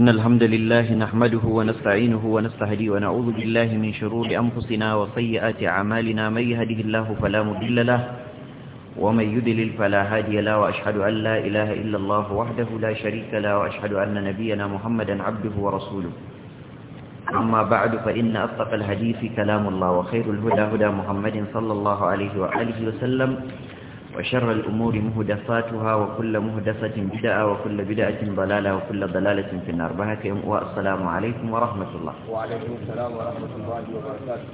إن الحمد لله نحمده ونستعينه ونستهدي ونعوذ بالله من شرور أنفسنا وسيئات أعمالنا من يهده الله فلا مضل له ومن يدلل فلا هادي له وأشهد أن لا إله إلا الله وحده لا شريك له وأشهد أن نبينا محمدا عبده ورسوله أما بعد فإن أصدق الحديث كلام الله وخير الهدى هدى محمد صلى الله عليه وآله وسلم وشر الأمور مهدفاتها وكل مهدفة بدعة وكل بدعة ضلالة وكل ضلالة في النار بهك والسلام عليكم ورحمة الله وعليكم السلام ورحمة الله وبركاته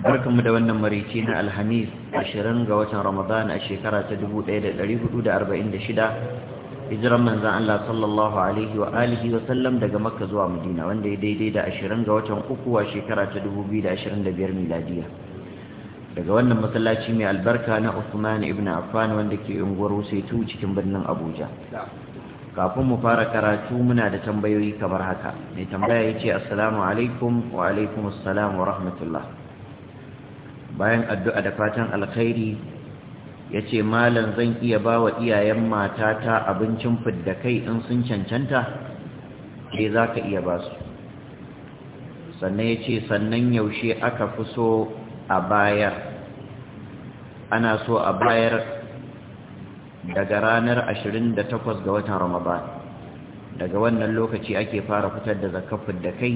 barkan mu da wannan marici na alhamis 20 ga watan ramadan a shekara ta 1446 hijiran manzan Allah sallallahu alaihi wa alihi wa sallam daga makka zuwa madina wanda ya daidai da 20 ga watan uku a shekara ta 2025 miladiya daga wannan masallaci mai albarka na Usman ibn Affan wanda ke unguwar Wusaitu cikin birnin Abuja kafin mu fara karatu muna da tambayoyi kamar haka mai tambaya yace assalamu alaikum wa alaikum assalam wa rahmatullah bayan addu'a da fatan alkhairi yace malam zan iya ba wa iyayen matata abincin fidda kai in sun cancanta eh zaka iya ba su sannan yace sannan yaushe aka fi so a bayar ana so a bayar daga ranar 28 ga watan ramadan daga wannan lokaci ake fara fitar da zakafin da kai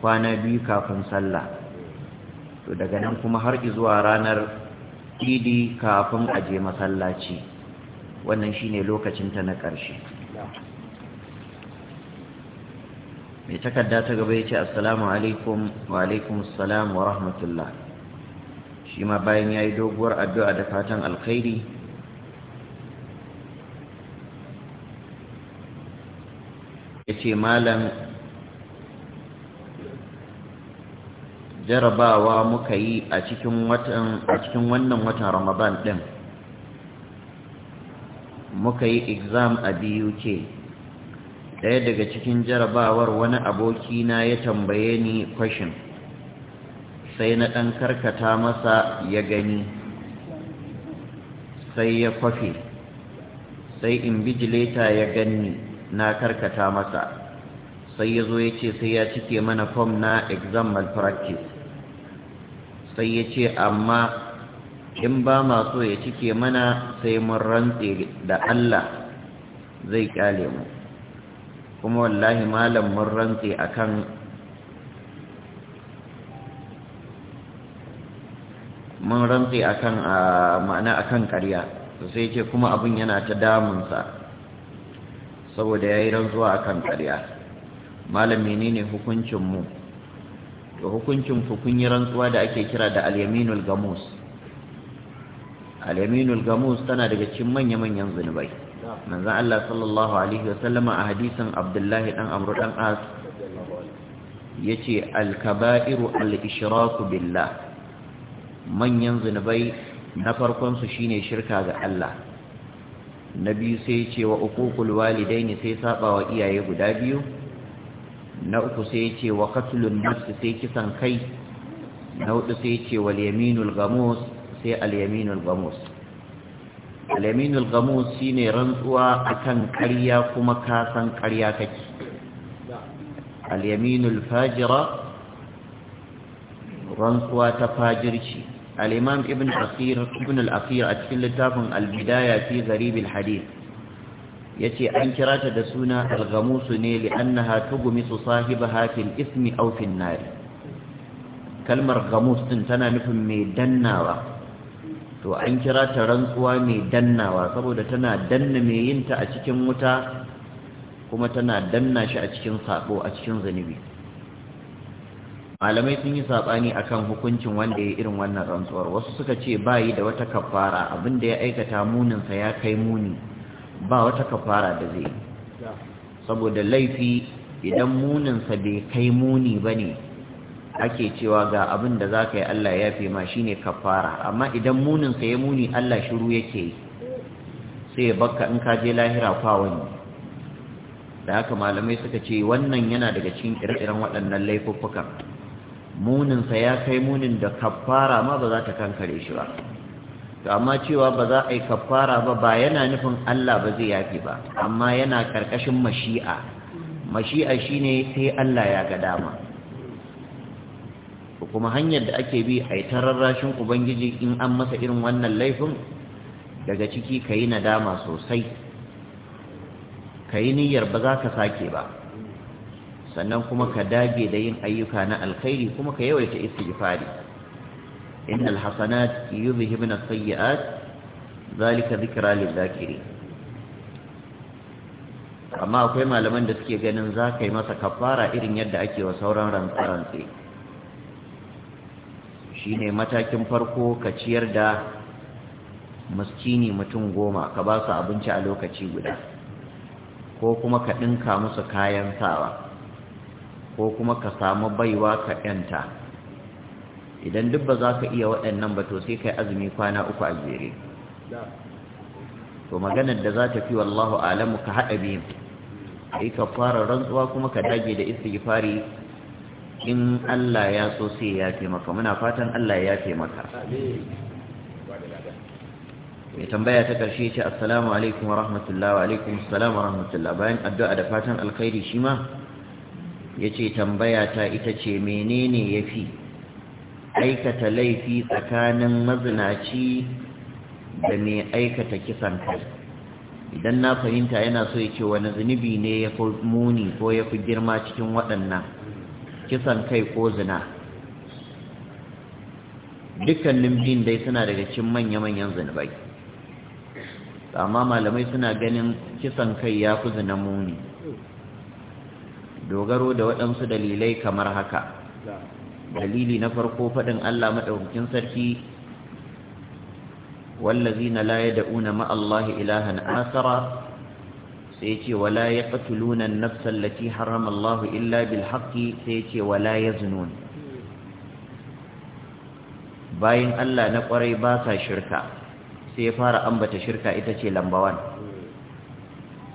kwana biyu kafin sallah to daga nan kuma har zuwa ranar idi kafin aje masallaci wannan shine lokacin ta na ƙarshe mai takarda ta gaba ya ce assalamu alaikum wa alaikum assalam wa rahmatullah shi ma bayan ya yi doguwar addu'a da fatan alkhairi ya ce malam jarabawa muka yi a cikin wannan watan ramadan ɗin muka yi exam a biyu ke ɗaya daga cikin jarabawar wani abokina ya tambaye ni kwashin sai na ɗan karkata masa ya gani sai ya kwafe sai in bijileta ya ganni na karkata masa sai ya zo ya ce sai ya cike mana fom na exam malpractice sai ya ce amma in ba ma so ya cike mana sai mun rantse da Allah zai kyale mu kuma wallahi malam mun rantse akan mun rantse akan a ma'ana akan ƙarya sai ce kuma abin yana ta damunsa saboda ya yi rantsuwa akan ƙarya malam menene hukuncinmu to hukuncin ku kun yi rantsuwa da ake kira da alyaminul gamus alyaminul gamus tana daga cikin manya-manyan zunubai manzo Allah sallallahu alaihi wasallama a hadisin Abdullahi ɗan Amr ɗan As ya ce, Alkaba'iru al billah manyan zunubai na farkon su shine shirka ga Allah na biyu sai yace wa uququl walidaini sai saba wa iyaye guda biyu na uku sai yace wa qatlun sai kisan kai na hudu sai yace wal yaminul gamus sai al yaminul gamus alaminul gamus shine rantsuwa kan ƙarya kuma ka san ƙarya kake alyaminul fajira rantsuwa ta fajirci al ibn asir ibn al a cikin littafin al fi gharib al Ya yace an kira ta da suna al-gamus ne li'annaha su sahiba fil ismi aufin fil kalmar gamus din tana nufin mai dannawa to an kira ta rantsuwa mai dannawa saboda tana danna mai yinta a cikin wuta kuma tana danna shi a cikin sabo a cikin zanibi malamai sun yi sabani akan hukuncin wanda ya irin wannan rantsuwar wasu suka ce bayi da wata kafara abinda ya aikata muninsa ya kai muni ba wata kafara da zai saboda laifi idan muninsa bai kai muni ba ne ake cewa ga abin da za ka yi Allah ya fi ma shi ne kafara amma idan muninsa ya muni Allah shiru yake yi sai ya in ka je lahira ne. da haka malamai suka ce wannan yana daga cikin ire-iren waɗannan laifuffukan muninsa ya kai munin da kafara ma ba za ta kankare shi ba to amma cewa ba za a yi kafara ba ba yana nufin Allah ba zai yafi ba amma yana karkashin mashi'a mashi'a shine sai Allah ya ga dama kuma hanyar da ake bi a yi tararrashin ubangiji in an masa irin wannan laifin daga ciki ka yi nadama sosai ka yi niyyar ba za ka sake ba sannan kuma ka dage da yin ayyuka na alkhairi kuma ka yawaita istighfari inna alhasanat yuzhibna as-sayyi'at zalika dhikra lil-zakirin amma akwai malaman da suke ganin za ka yi masa kafara irin yadda ake wa sauran rantsa-rantsa Shi ne matakin farko ka ciyar da muskini mutum goma ka ba su abinci a lokaci guda ko kuma ka ɗinka musu kayan sawa ko kuma ka samu baiwa ka ɗanta idan duk ba za ka iya waɗannan ba to sai ka azumi kwana uku a jere to maganar da za ta fi wallahu alamu ka haɗa biyun ka ka fara rantsuwa kuma ka dage da istighfari in Allah ya so sai ya taimaka muna fatan Allah ya taimaka mai tambaya ta karshe ce assalamu alaikum wa rahmatullah wa alaikum assalamu wa rahmatullah bayan addu'a da fatan alkhairi shi ma ya ce tambaya ta ita ce menene ya fi aikata laifi tsakanin mazinaci da mai aikata kisan kai idan na fahimta yana so ya ce wani zunubi ne ya fi muni ko ya fi girma cikin waɗannan kisan kai ko zina dukkanin biyun dai suna daga cikin manya-manyan zunubai amma malamai suna ganin kisan kai ya fi zina muni dogaro da waɗansu dalilai kamar haka dalili na farko faɗin Allah maɗaukakin sarki Wallazi na wallazina la yad'una ma'allahi ilahan asara sai ce, wala yaqtuluna an-nafsa allati harrama Allah illa bil haqqi sai ce, wala yaznun Bayan Allah na kwarai ba sa shirka sai ya fara ambata shirka ita ce lambawan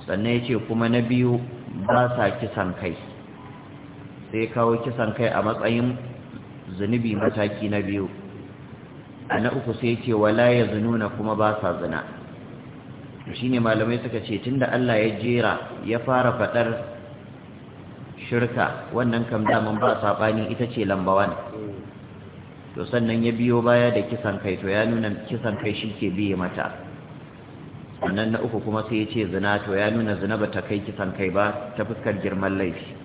sannan yace kuma na biyu ba sa kisan kai sai kawo kisan kai a matsayin zunubi mataki na biyu a na uku sai ce wala ya zununa kuma ba sa zina to ne malamai suka ce tun da Allah ya jera ya fara faɗar shirka wannan kam daman ba saɓani ita ce lamba to sannan ya biyo baya da kisan kai to ya nuna kisan kai shi ke biye mata sannan na uku kuma sai ya ce zina to ya nuna zina ba ta kai kisan kai ba ta fuskar girman laifi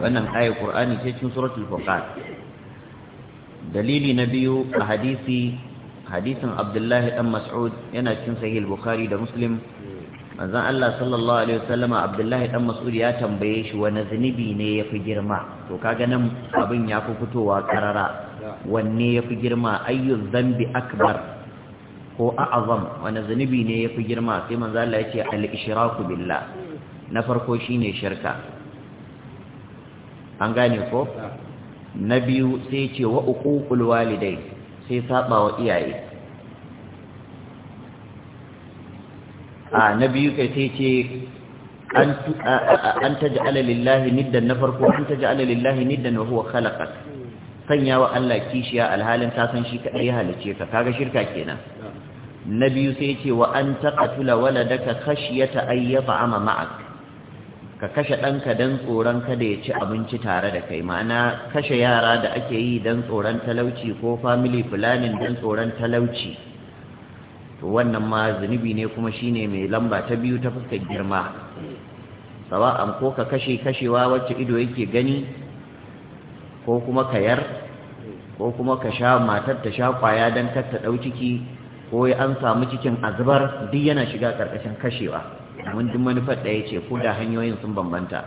wannan ayi qur'ani ce cikin suratul fuqan dalili na biyu a hadisi hadisin abdullahi dan mas'ud yana cikin sahih bukhari da muslim manzon Allah sallallahu alaihi wasallama abdullahi dan mas'ud ya tambaye shi wani zunubi ne fi girma to kaga nan abin ya fi fitowa karara wanne fi girma ayyu dhanbi akbar ko a'azam wani zunubi ne yafi girma sai manzon Allah ya ce al-ishraku billah na farko shine shirka an gane ko na biyu sai ce wa uququl walidai sai saba wa iyaye na biyu kai sai ce an ta ja'ala lillahi niddan na farko an ta ja'ala lillahi niddan wa huwa khalaqak sanya wa Allah kishiya alhalin ta san shi kadai ya halice ka kaga shirka kenan na biyu sai ce wa an taƙa tula taqatula kashi khashyata ay yata'ama ma'ak ka kashe ɗanka don tsoron kada ya ci abinci tare da kai ma'ana kashe yara da ake yi don tsoron talauci ko family planning don tsoron talauci to wannan ma zunubi ne kuma shine mai lamba ta biyu ta fuskar girma sawa'an ko ka kashe kashewa wacce ido yake gani ko kuma ka ko kuma ka sha matar ta sha kwaya don kar ta ɗau ciki ko an samu cikin azubar duk yana shiga ƙarƙashin kashewa domin duk manufar ɗaya ce ko da hanyoyin sun bambanta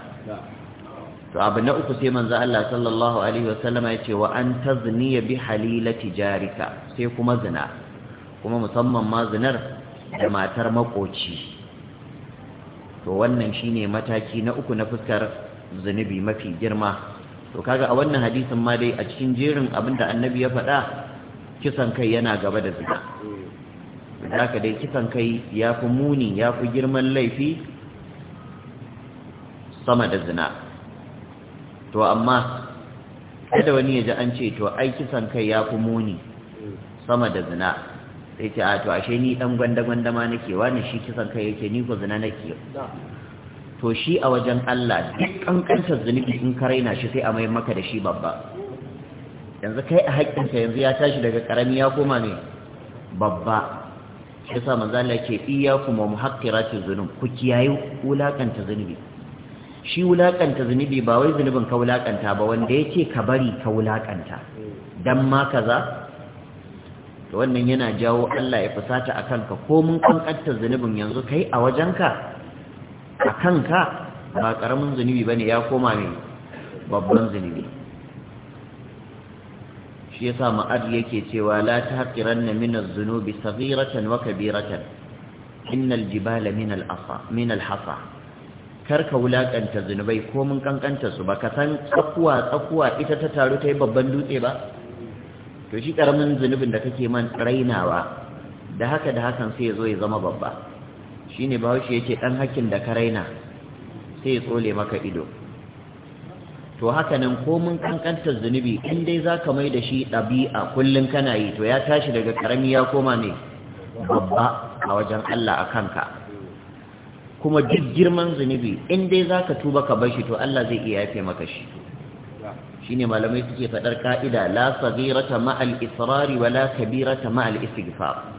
to abu na uku sai manzo Allah sallallahu alaihi wasallama ya ce wa an tazniya bi halilati jarika sai kuma zina kuma musamman ma zinar da matar makoci to wannan shine mataki na uku na fuskar zunubi mafi girma to kaga a wannan hadisin ma dai a cikin jerin abinda annabi ya faɗa kisan kai yana gaba da zina haka dai kisan kai ya fi muni ya fi girman laifi sama da zina to amma kada wani ya ji an ce to ai kisan kai ya fi muni sama da zina sai ce a to ashe ni dan gwanda-gwanda ma nake wani shi kisan kai yake ni ko zina nake to shi a wajen Allah duk kankantar zunubi in ka raina shi sai a mai maka da shi babba yanzu kai a haƙƙinka yanzu ya tashi daga ƙarami ya koma ne babba shi yasa manzo Allah yake iyyakum wa muhaqqiratiz zunub ku kiyaye wulakanta zunubi shi wulakanta zunubi ba wai zunubin ka wulakanta ba wanda yake ka bari ka wulakanta dan ma kaza to wannan yana jawo Allah ya fusata akan ka ko mun kankanta zunubin yanzu kai a wajen ka? akan ka ba karamin zunubi bane ya koma ne babban zunubi shi ma'aji ma'ad yake cewa la tahqiranna min az-zunubi saghiratan wa kabiratan innal jibala min al-asa min al wulakanta zunubai ko mun kankanta su ba ka san tsakuwa tsakuwa ita ta taru ta yi babban dutse ba to shi karamin zunubin da kake man rainawa da haka da hakan sai ya zo ya zama babba shine bahaushe yake dan hakkin da ka raina sai ya tsole maka ido to haka nan komin kankantar zunubi in dai za ka mai da shi ɗabi'a kullum kana yi to ya tashi daga ƙarami ya koma ne babba a wajen Allah a kanka kuma duk girman zunubi in dai za ka tuba ka bar shi to Allah zai iya yafe maka shi shi ne malamai suke faɗar ƙa'ida, la sagirata ma'al israri wa la kabirata ma'al istighfar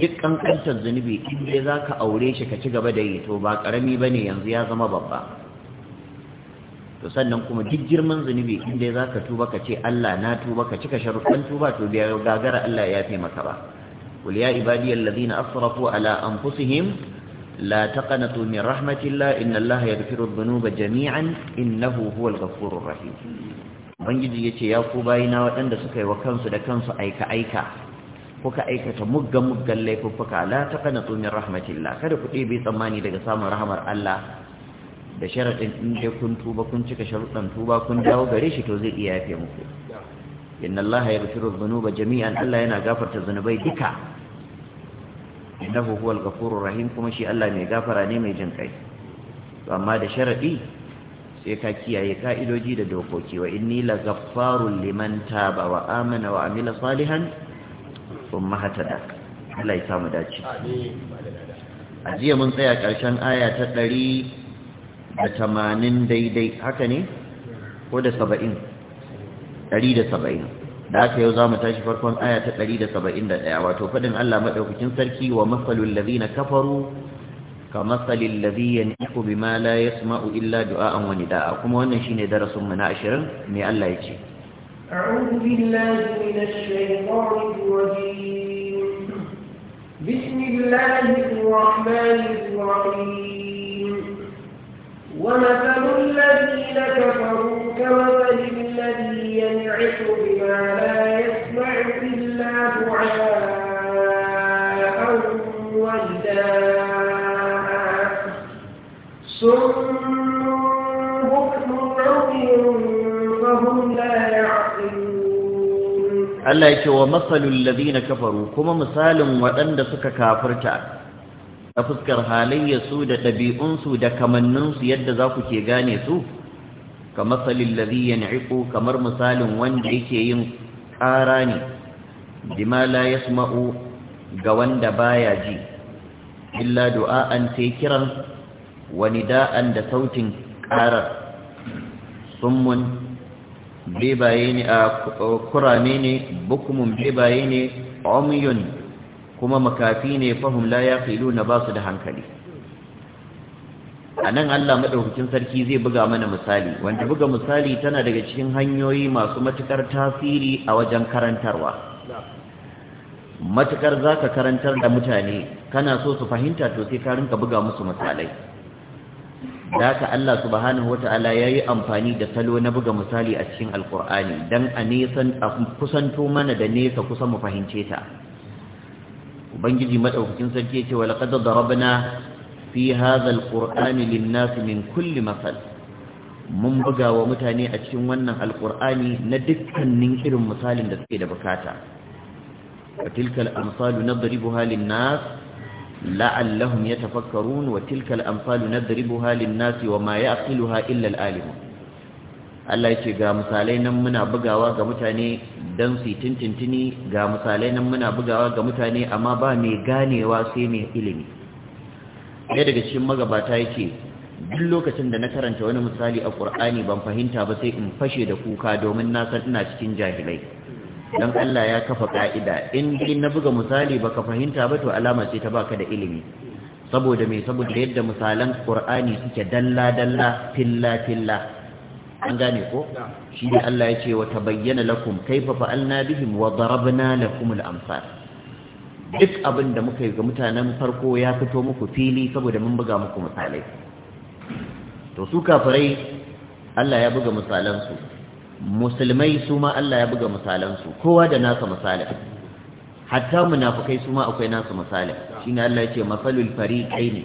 duk kankantar zunubi in dai za ka aure shi ka ci gaba da yi to ba ƙarami ba ne yanzu ya zama babba to sannan kuma duk girman zunubi inda za ka tuba ka ce Allah na tuba ka cika sharuɗan tuba to biya gagara Allah ya fi maka ba qul ya ibadiyal ladina asrafu ala anfusihim la taqanatu min rahmatillah inna Allah yaghfiru dhunuba jami'an innahu huwal ghafurur rahim Bangiji yace ya ku bayina waɗanda suka yi wa kansu da kansu aika aika kuka aikata mugga muggan laifuffuka la taqanatu min rahmatillah kada ku ɗebe tsammani daga samun rahmar Allah da sharaɗin in dai kun tuba kun cika sharuɗan tuba kun dawo gare shi to zai iya yafe muku inna allaha yaghfiru dhunuba jami'an allah yana gafarta zunubai duka innahu huwal ghafurur rahim kuma shi allah mai gafara ne mai jin kai to amma da sharaɗi sai ka kiyaye ka'idoji da dokoki wa inni la ghaffarul liman taba wa amana wa amila salihan thumma hatada Allah ya samu dace a jiya mun tsaya ƙarshen aya ta ɗari. da tamanin daidai haka ne ko da saba'in ɗari da saba'in da aka yau za mu tashi farkon aya ta ɗari da saba'in da ɗaya wato faɗin Allah maɗaukakin sarki wa matsalin lazi na kafaru ka matsalin lazi ya niku bi ma la ya suma'u illa du'a'an wani da'a kuma wannan shi ne darasin mu na ashirin mai Allah ya ce بسم الله الرحمن الرحيم ومثل الذين كفروا كمثل الذي ينعس بما لا يسمع إلا دعاء ونداء صم بكم عمي فهم لا يعقلون الله يقول ومثل الذين كفروا كما مثال وأن سك كافرتا ta fuskar halayyarsu da ɗabi'unsu da kamanninsu yadda za ku ke gane su kamar salin laziyan kamar misalin wanda yake yin ƙara ne jimala ya suma'u ga wanda baya ji illa du'a'an sai kiran wani da'an da sautin ƙarar summun bebaye ne a kurame ne bukumin bebaye ne omiyun kuma makafi ne fahum la na ba su da hankali A nan Allah maɗaukacin sarki zai buga mana misali wanda buga misali tana daga cikin hanyoyi masu matuƙar tasiri a wajen karantarwa Matuƙar za ka karantar da mutane kana so su fahimta to sai ka buga musu misalai da ka Allah subhanahu ya yi amfani da salo na buga misali a cikin alkur'ani don a nesan a kusanto mana da nesa kusa mu fahimce ta ubangiji madaukakin sarki yace wa laqad darabna fi hadha alqur'ani lin-nas min kulli masal mun buga wa mutane a cikin wannan alqur'ani na dukkanin irin misalin da suke da bukata wa tilka al-amsalu nadribuha lin-nas la'allahum yatafakkarun wa tilka al-amsalu nadribuha lin-nas wa ma ya'qiluha illa al-alimun Allah ya ce ga misalai nan muna bugawa ga mutane don su tintintini ga misalai nan muna bugawa ga mutane amma ba mai ganewa sai mai ilimi ɗaya daga cikin magabata yake duk lokacin da na karanta wani misali a ƙur'ani ban fahimta ba sai in fashe da kuka domin na san ina cikin jahilai don Allah ya kafa ka'ida in na buga misali baka fahimta ba to alama ce ta baka da ilimi saboda me saboda yadda misalan ƙur'ani suke dalla-dalla filla-filla an gane ko shi ne Allah ya ce wa tabayyana lakum kaifa fa'alna bihim wa darabna lakum al-amsal duk abin da muka yi ga mutanen farko ya fito muku fili saboda mun buga muku misalai to su kafirai Allah ya buga misalansu. musulmai su ma Allah ya buga misalansu. kowa da nasa misalin hatta munafikai su ma akwai nasa misalin shine Allah ya ce masalul fariqaini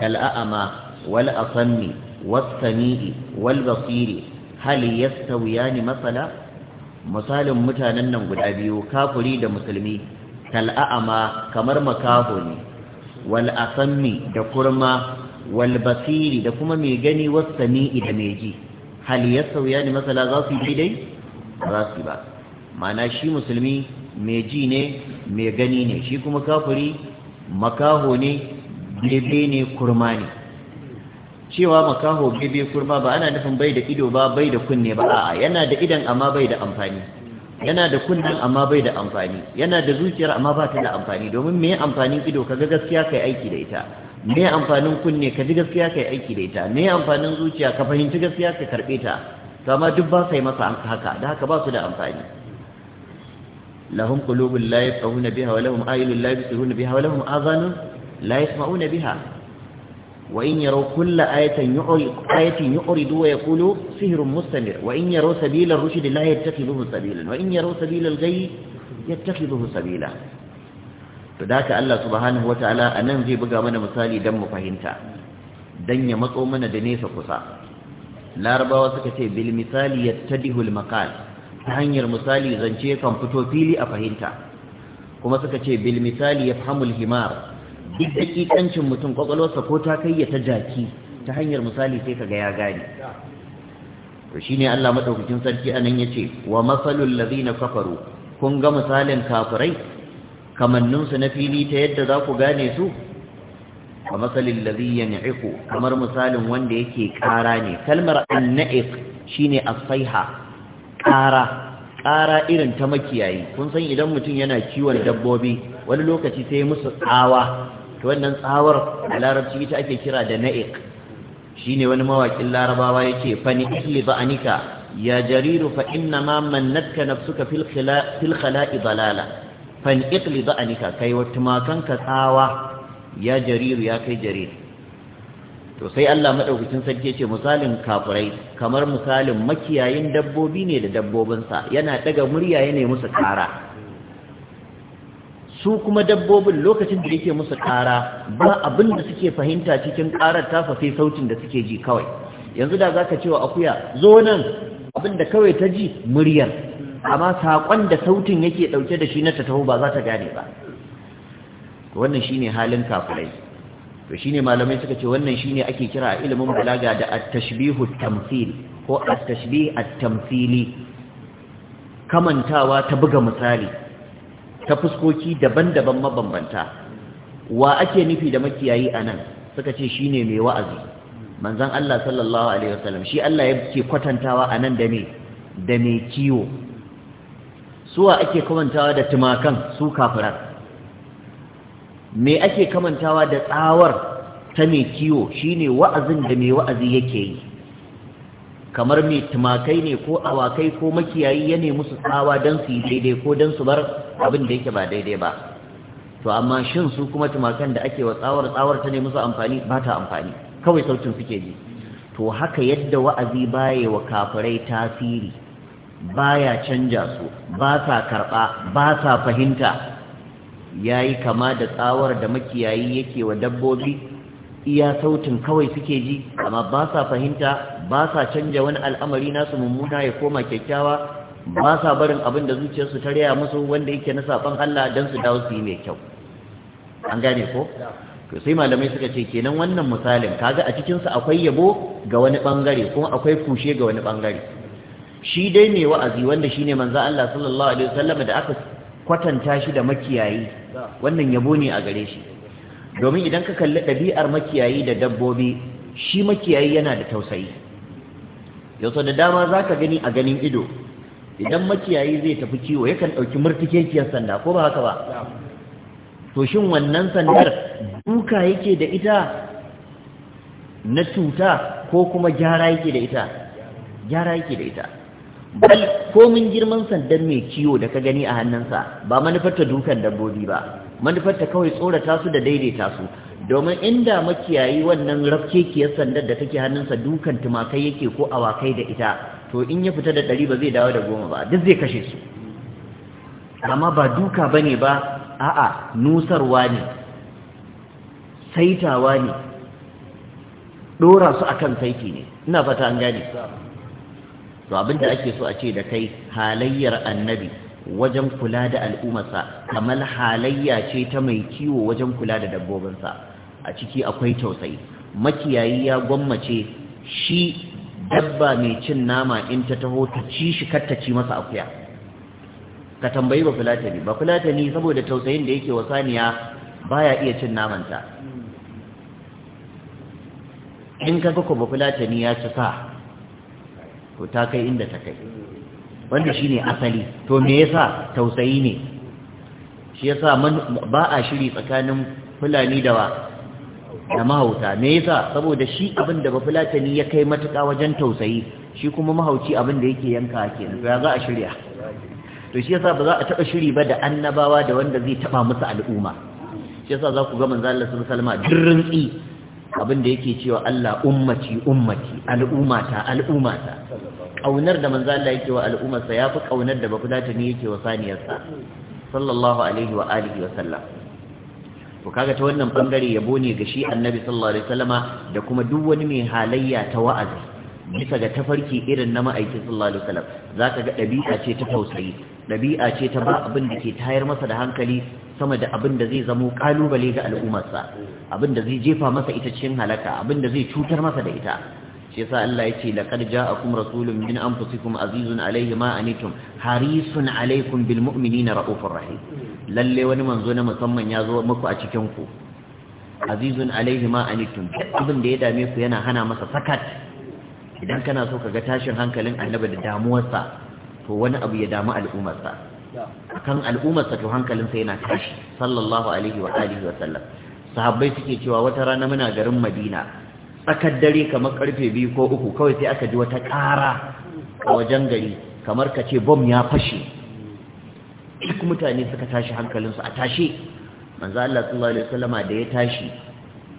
kal a'ama wal asammi والسميع والبصير hal yastawiyani matsala misalin mutanen nan guda biyu kafuri da musulmi kal'a'ama kamar makaho ne wal asammi da kurma wal basiri da kuma mai gani wasani da mai ji hal yastawiyani matsala za su yi dai za su ba ma'ana shi musulmi mai ji ne mai gani ne shi kuma kafuri makaho ne bebe ne kurma ne cewa makaho bebe kurma ba ana nufin bai da ido ba bai da kunne ba a'a yana da idan amma bai da amfani yana da kunnen amma bai da amfani yana da zuciyar amma ba ta da amfani domin me amfanin ido ka ga gaskiya kai aiki da ita me amfanin kunne ka ji gaskiya kai aiki da ita me amfanin zuciya ka fahimci gaskiya ka karbe ta to amma duk ba sai masa haka da haka ba su da amfani lahum qulubun la yafqahuna biha wa lahum a'yunun la yabsiruna biha wa lahum adhanun la yasma'una biha وإن يروا كل آية يعرض ويقولوا سهر مستمر وإن يروا سبيل الرشد لا يتخذه سبيلا وإن يروا سبيل الغي يتخذه سبيلا فذاك الله سبحانه وتعالى أننزي بقى من مثالي دم فهنتا دن يمطو من دنيس قصا لا ربا وسكتي بالمثال يتده المقال تهنير مثالي زنشيكم فتوفيلي أفهنتا كما سكتي بالمثال يفهم الهمار duk dakikancin mutum kwakwalwarsa ko ta kai ya ta jaki ta hanyar misali sai ka ga ya gane to shine Allah madaukakin sarki anan yace wa masalul ladina kafaru kun ga misalin kafirai kamannin su na fili ta yadda za ku gane su wa masalil ladhi yan'iqu kamar misalin wanda yake kara ne kalmar an shine as-sayha kara kara irin ta makiyayi kun san idan mutum yana kiwon dabbobi wani lokaci sai musu tsawa to wannan tsawar a larabci ita ake kira da na'iq shine wani mawakin larabawa yake fa ni ihli ba'anika ya jariru fa inna ma mannatka nafsuka fil khala fil khala'i dalala fa ni ihli ba'anika kai wa tumakanka tsawa ya jariru ya kai jarir to sai Allah madaukakin sarki ce misalin kafurai, kamar misalin makiyayin dabbobi ne da dabbobinsa yana daga murya yana musu kara su kuma dabbobin lokacin da yake musu ƙara ba abin da suke fahimta cikin ƙarar ta fafe sautin da suke ji kawai yanzu da za ka cewa akuya zo nan abin da kawai ta ji muryar amma saƙon da sautin yake ɗauke da shi na ta taho ba za ta gane ba wannan shine halin kafirai to shine malamai suka ce wannan shine ake kira a ilimin bulaga da at-tashbihu ko at-tashbih kamantawa ta buga misali ta fuskoki daban-daban mabambanta wa ake nufi da makiyayi a nan suka ce shi ne mai wa'azi manzan Allah sallallahu Alaihi wasallam shi Allah ya ke kwatantawa a nan da me da mai kiwo suwa ake kamantawa da tumakan su kafirar me ake kamantawa da tsawar ta mai kiwo shi ne wa'azin da mai wa'azi yake yi kamar mai tumakai ne ko awakai ko makiyayi ya nemi su tsawa don su yi daidai ko don su bar abin da yake ba daidai ba to amma shin su kuma tumakan da ake wa tsawar tsawar ta nemi su amfani ba ta amfani kawai sautin suke ji to haka yadda wa'azi baya wa kafirai tasiri baya canja su ba sa karɓa ba sa fahimta ya yi kama da tsawar da makiyayi yake wa dabbobi iya sautin kawai suke ji amma ba sa fahimta ba sa canja wani al'amari nasu mummuna ya koma kyakkyawa ba sa barin abin da zuciyarsu ta raya musu wanda yake na saban Allah don su dawo su yi mai kyau an gane ko to sai malamai suka ce kenan wannan misalin kaga a cikin su akwai yabo ga wani bangare kuma akwai kushe ga wani bangare shi dai mai wa'azi wanda shi ne manzo Allah sallallahu alaihi wasallam da aka kwatanta shi da makiyayi wannan yabo ne a gare shi domin idan ka kalli ɗabi'ar makiyayi da dabbobi shi makiyayi yana da tausayi yau da dama za ka gani a ganin ido idan makiyayi zai tafi kiwo yakan ɗauki murtikekiyar sanda ko ba haka ba to shin wannan sandar duka yake da ita na cuta ko kuma gyara yake da ita gyara yake da ita bal komin girman sandan mai kiwo da ka gani a hannunsa ba manufar ta dukan dabbobi ba manufar ta kawai tsorata su da daidaita su domin inda makiyayi wannan rafkekiyar sandar da take hannunsa dukan tumakai yake ko awakai da ita to in ya fita da ɗari ba zai dawo da goma ba duk zai kashe su amma ba duka ba ne ba a'a nusarwa ne saitawa ne ɗora su akan saiti ne ina fata an gane to abinda ake so a ce da kai halayyar annabi wajen kula da al'ummarsa kamar halayya ce ta mai kiwo wajen kula da dabbobinsa a ciki akwai tausayi makiyayi ya gwammace shi dabba mai cin nama in ta taho ta ci shi kar ci masa akuya ka tambayi ba ne ba ne saboda tausayin da yake wa saniya baya iya cin namanta in ka ga ta ne ya ci sa to ta kai inda ta kai wanda shine asali to me yasa tausayi ne shi yasa ba a shiri tsakanin fulani da wa da mahauta me yasa saboda shi abin da bafulatani ya kai matuƙa wajen tausayi shi kuma mahauci abin da yake yanka kenan ya za a shirya to shi yasa ba za a taɓa shiri ba da annabawa da wanda zai taɓa musu al'umma shi yasa za ku ga manzo Allah sallallahu alaihi wasallam abin da yake cewa Allah ummati ummati al'ummata al'ummata kaunar da manzo Allah yake wa al'ummarsa yafi kaunar da bafulatani yake wa saniyarsa sallallahu alaihi wa alihi wa sallam to kaga ta wannan bangare yabo ne ga shi annabi sallallahu alaihi wasallama da kuma duk wani mai halayya ta wa'azi bisa ga tafarki irin na ma'aikin sallallahu alaihi wasallam zaka ga dabi'a ce ta tausayi dabi'a ce ta ba abin da ke tayar masa da hankali sama da abin da zai zamo kalubale ga al'ummarsa abin da zai jefa masa ita cikin halaka abin da zai cutar masa da ita shi yasa Allah yace laqad ja'akum rasulun min anfusikum azizun alayhi ma anitum harisun alaykum bil mu'minina raufur rahim lalle wani manzo na musamman ya zo muku a cikin ku azizun alayhi ma anitum abin da ya dame ku yana hana masa sakat idan kana so kaga tashin hankalin annabi da damuwarsa to wani abu ya damu al'ummarsa kan al'ummarsa to hankalinsa yana tashi sallallahu alaihi wa alihi wa sallam sahabbai suke cewa wata rana muna garin madina tsakar dare kamar karfe biyu ko uku kawai sai aka ji wata ƙara a wajen gari kamar ka ce bom ya fashe duk mutane suka tashi hankalinsu a tashe. manzo Allah sallallahu alaihi wasallama da ya tashi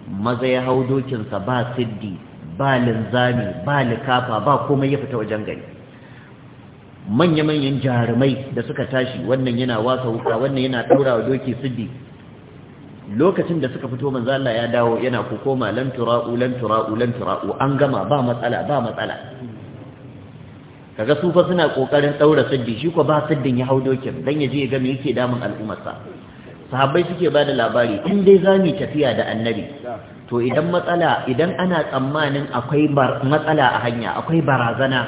maza ya hau dokinsa ba siddi ba linzami ba likafa ba komai ya fita wajen gari manya-manyan jarumai da suka tashi wannan yana wasa wuka wannan yana tura wa doki siddi lokacin da suka fito manzo Allah ya dawo yana ku koma lan tura'u lan tura'u lan tura'u an gama ba matsala ba matsala kaga su fa suna kokarin daura saddi shi ko ba saddin ya hau dokin dan yaje ya ga me yake damun al'ummar sa sahabbai suke ba da labari in dai zamu tafiya da annabi to idan matsala idan ana tsammanin akwai matsala a hanya akwai barazana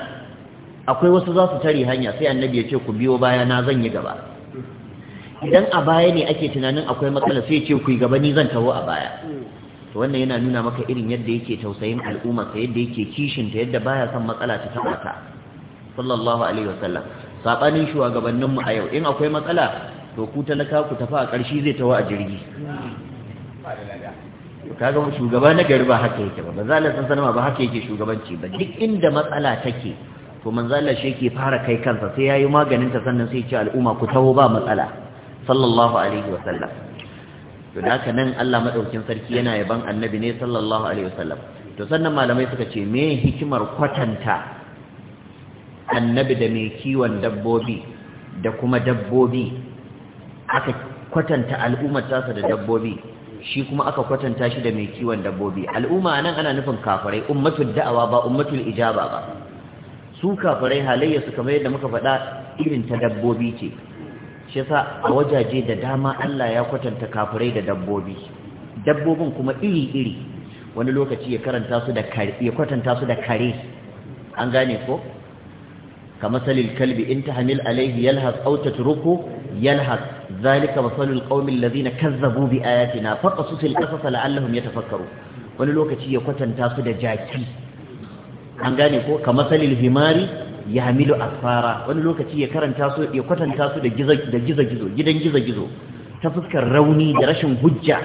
akwai wasu za su tare hanya sai annabi ya ce ku biyo baya na zan yi gaba idan a baya ne ake tunanin akwai matsala sai ce ku gaba ni zan taho a baya to wannan yana nuna maka irin yadda yake tausayin al'umma yadda yake kishin ta yadda baya son matsala ta ta. sallallahu alaihi wasallam sabanin shugabannin mu a yau in akwai matsala to ku talaka ku tafi a ƙarshe zai taho a jirgi kaga shugaba na gari ba haka yake ba manzala san sanama ba haka yake shugabanci ba duk inda matsala take to manzala shi yake fara kai kansa sai yayi maganin ta sannan sai ya ce al'umma ku taho ba matsala sallallahu alaihi wasallam to da haka nan Allah madaukin sarki yana yaban annabi ne sallallahu alaihi wasallam to sannan malamai suka ce me hikimar kwatanta annabi da mai kiwon dabbobi da kuma dabbobi aka kwatanta al'ummar tasa da dabbobi shi kuma aka kwatanta shi da mai kiwon dabbobi al'umma nan ana nufin kafirai ummatul da'awa ba ummatul ijaba ba su kafirai halayya su kamar yadda muka faɗa irin ta dabbobi ce shi yasa a wajaje da dama Allah ya kwatanta kafirai da dabbobi dabbobin kuma iri-iri wani lokaci ya karanta su da kare ya kwatanta su da kare an gane ko kama salil kalbi in ta tahmil alayhi yalhas aw tatruku yalhas zalika masalul qaumil ladina kazzabu bi ayatina faqasu fil qasas la'allahum yatafakkaru wani lokaci ya kwatanta su da jaki an gane ko kama salil himari ya hamilu asfara wani lokaci ya karanta su ya kwatanta su da gizo-gizo gidan gizo-gizo ta fuskar rauni da rashin hujja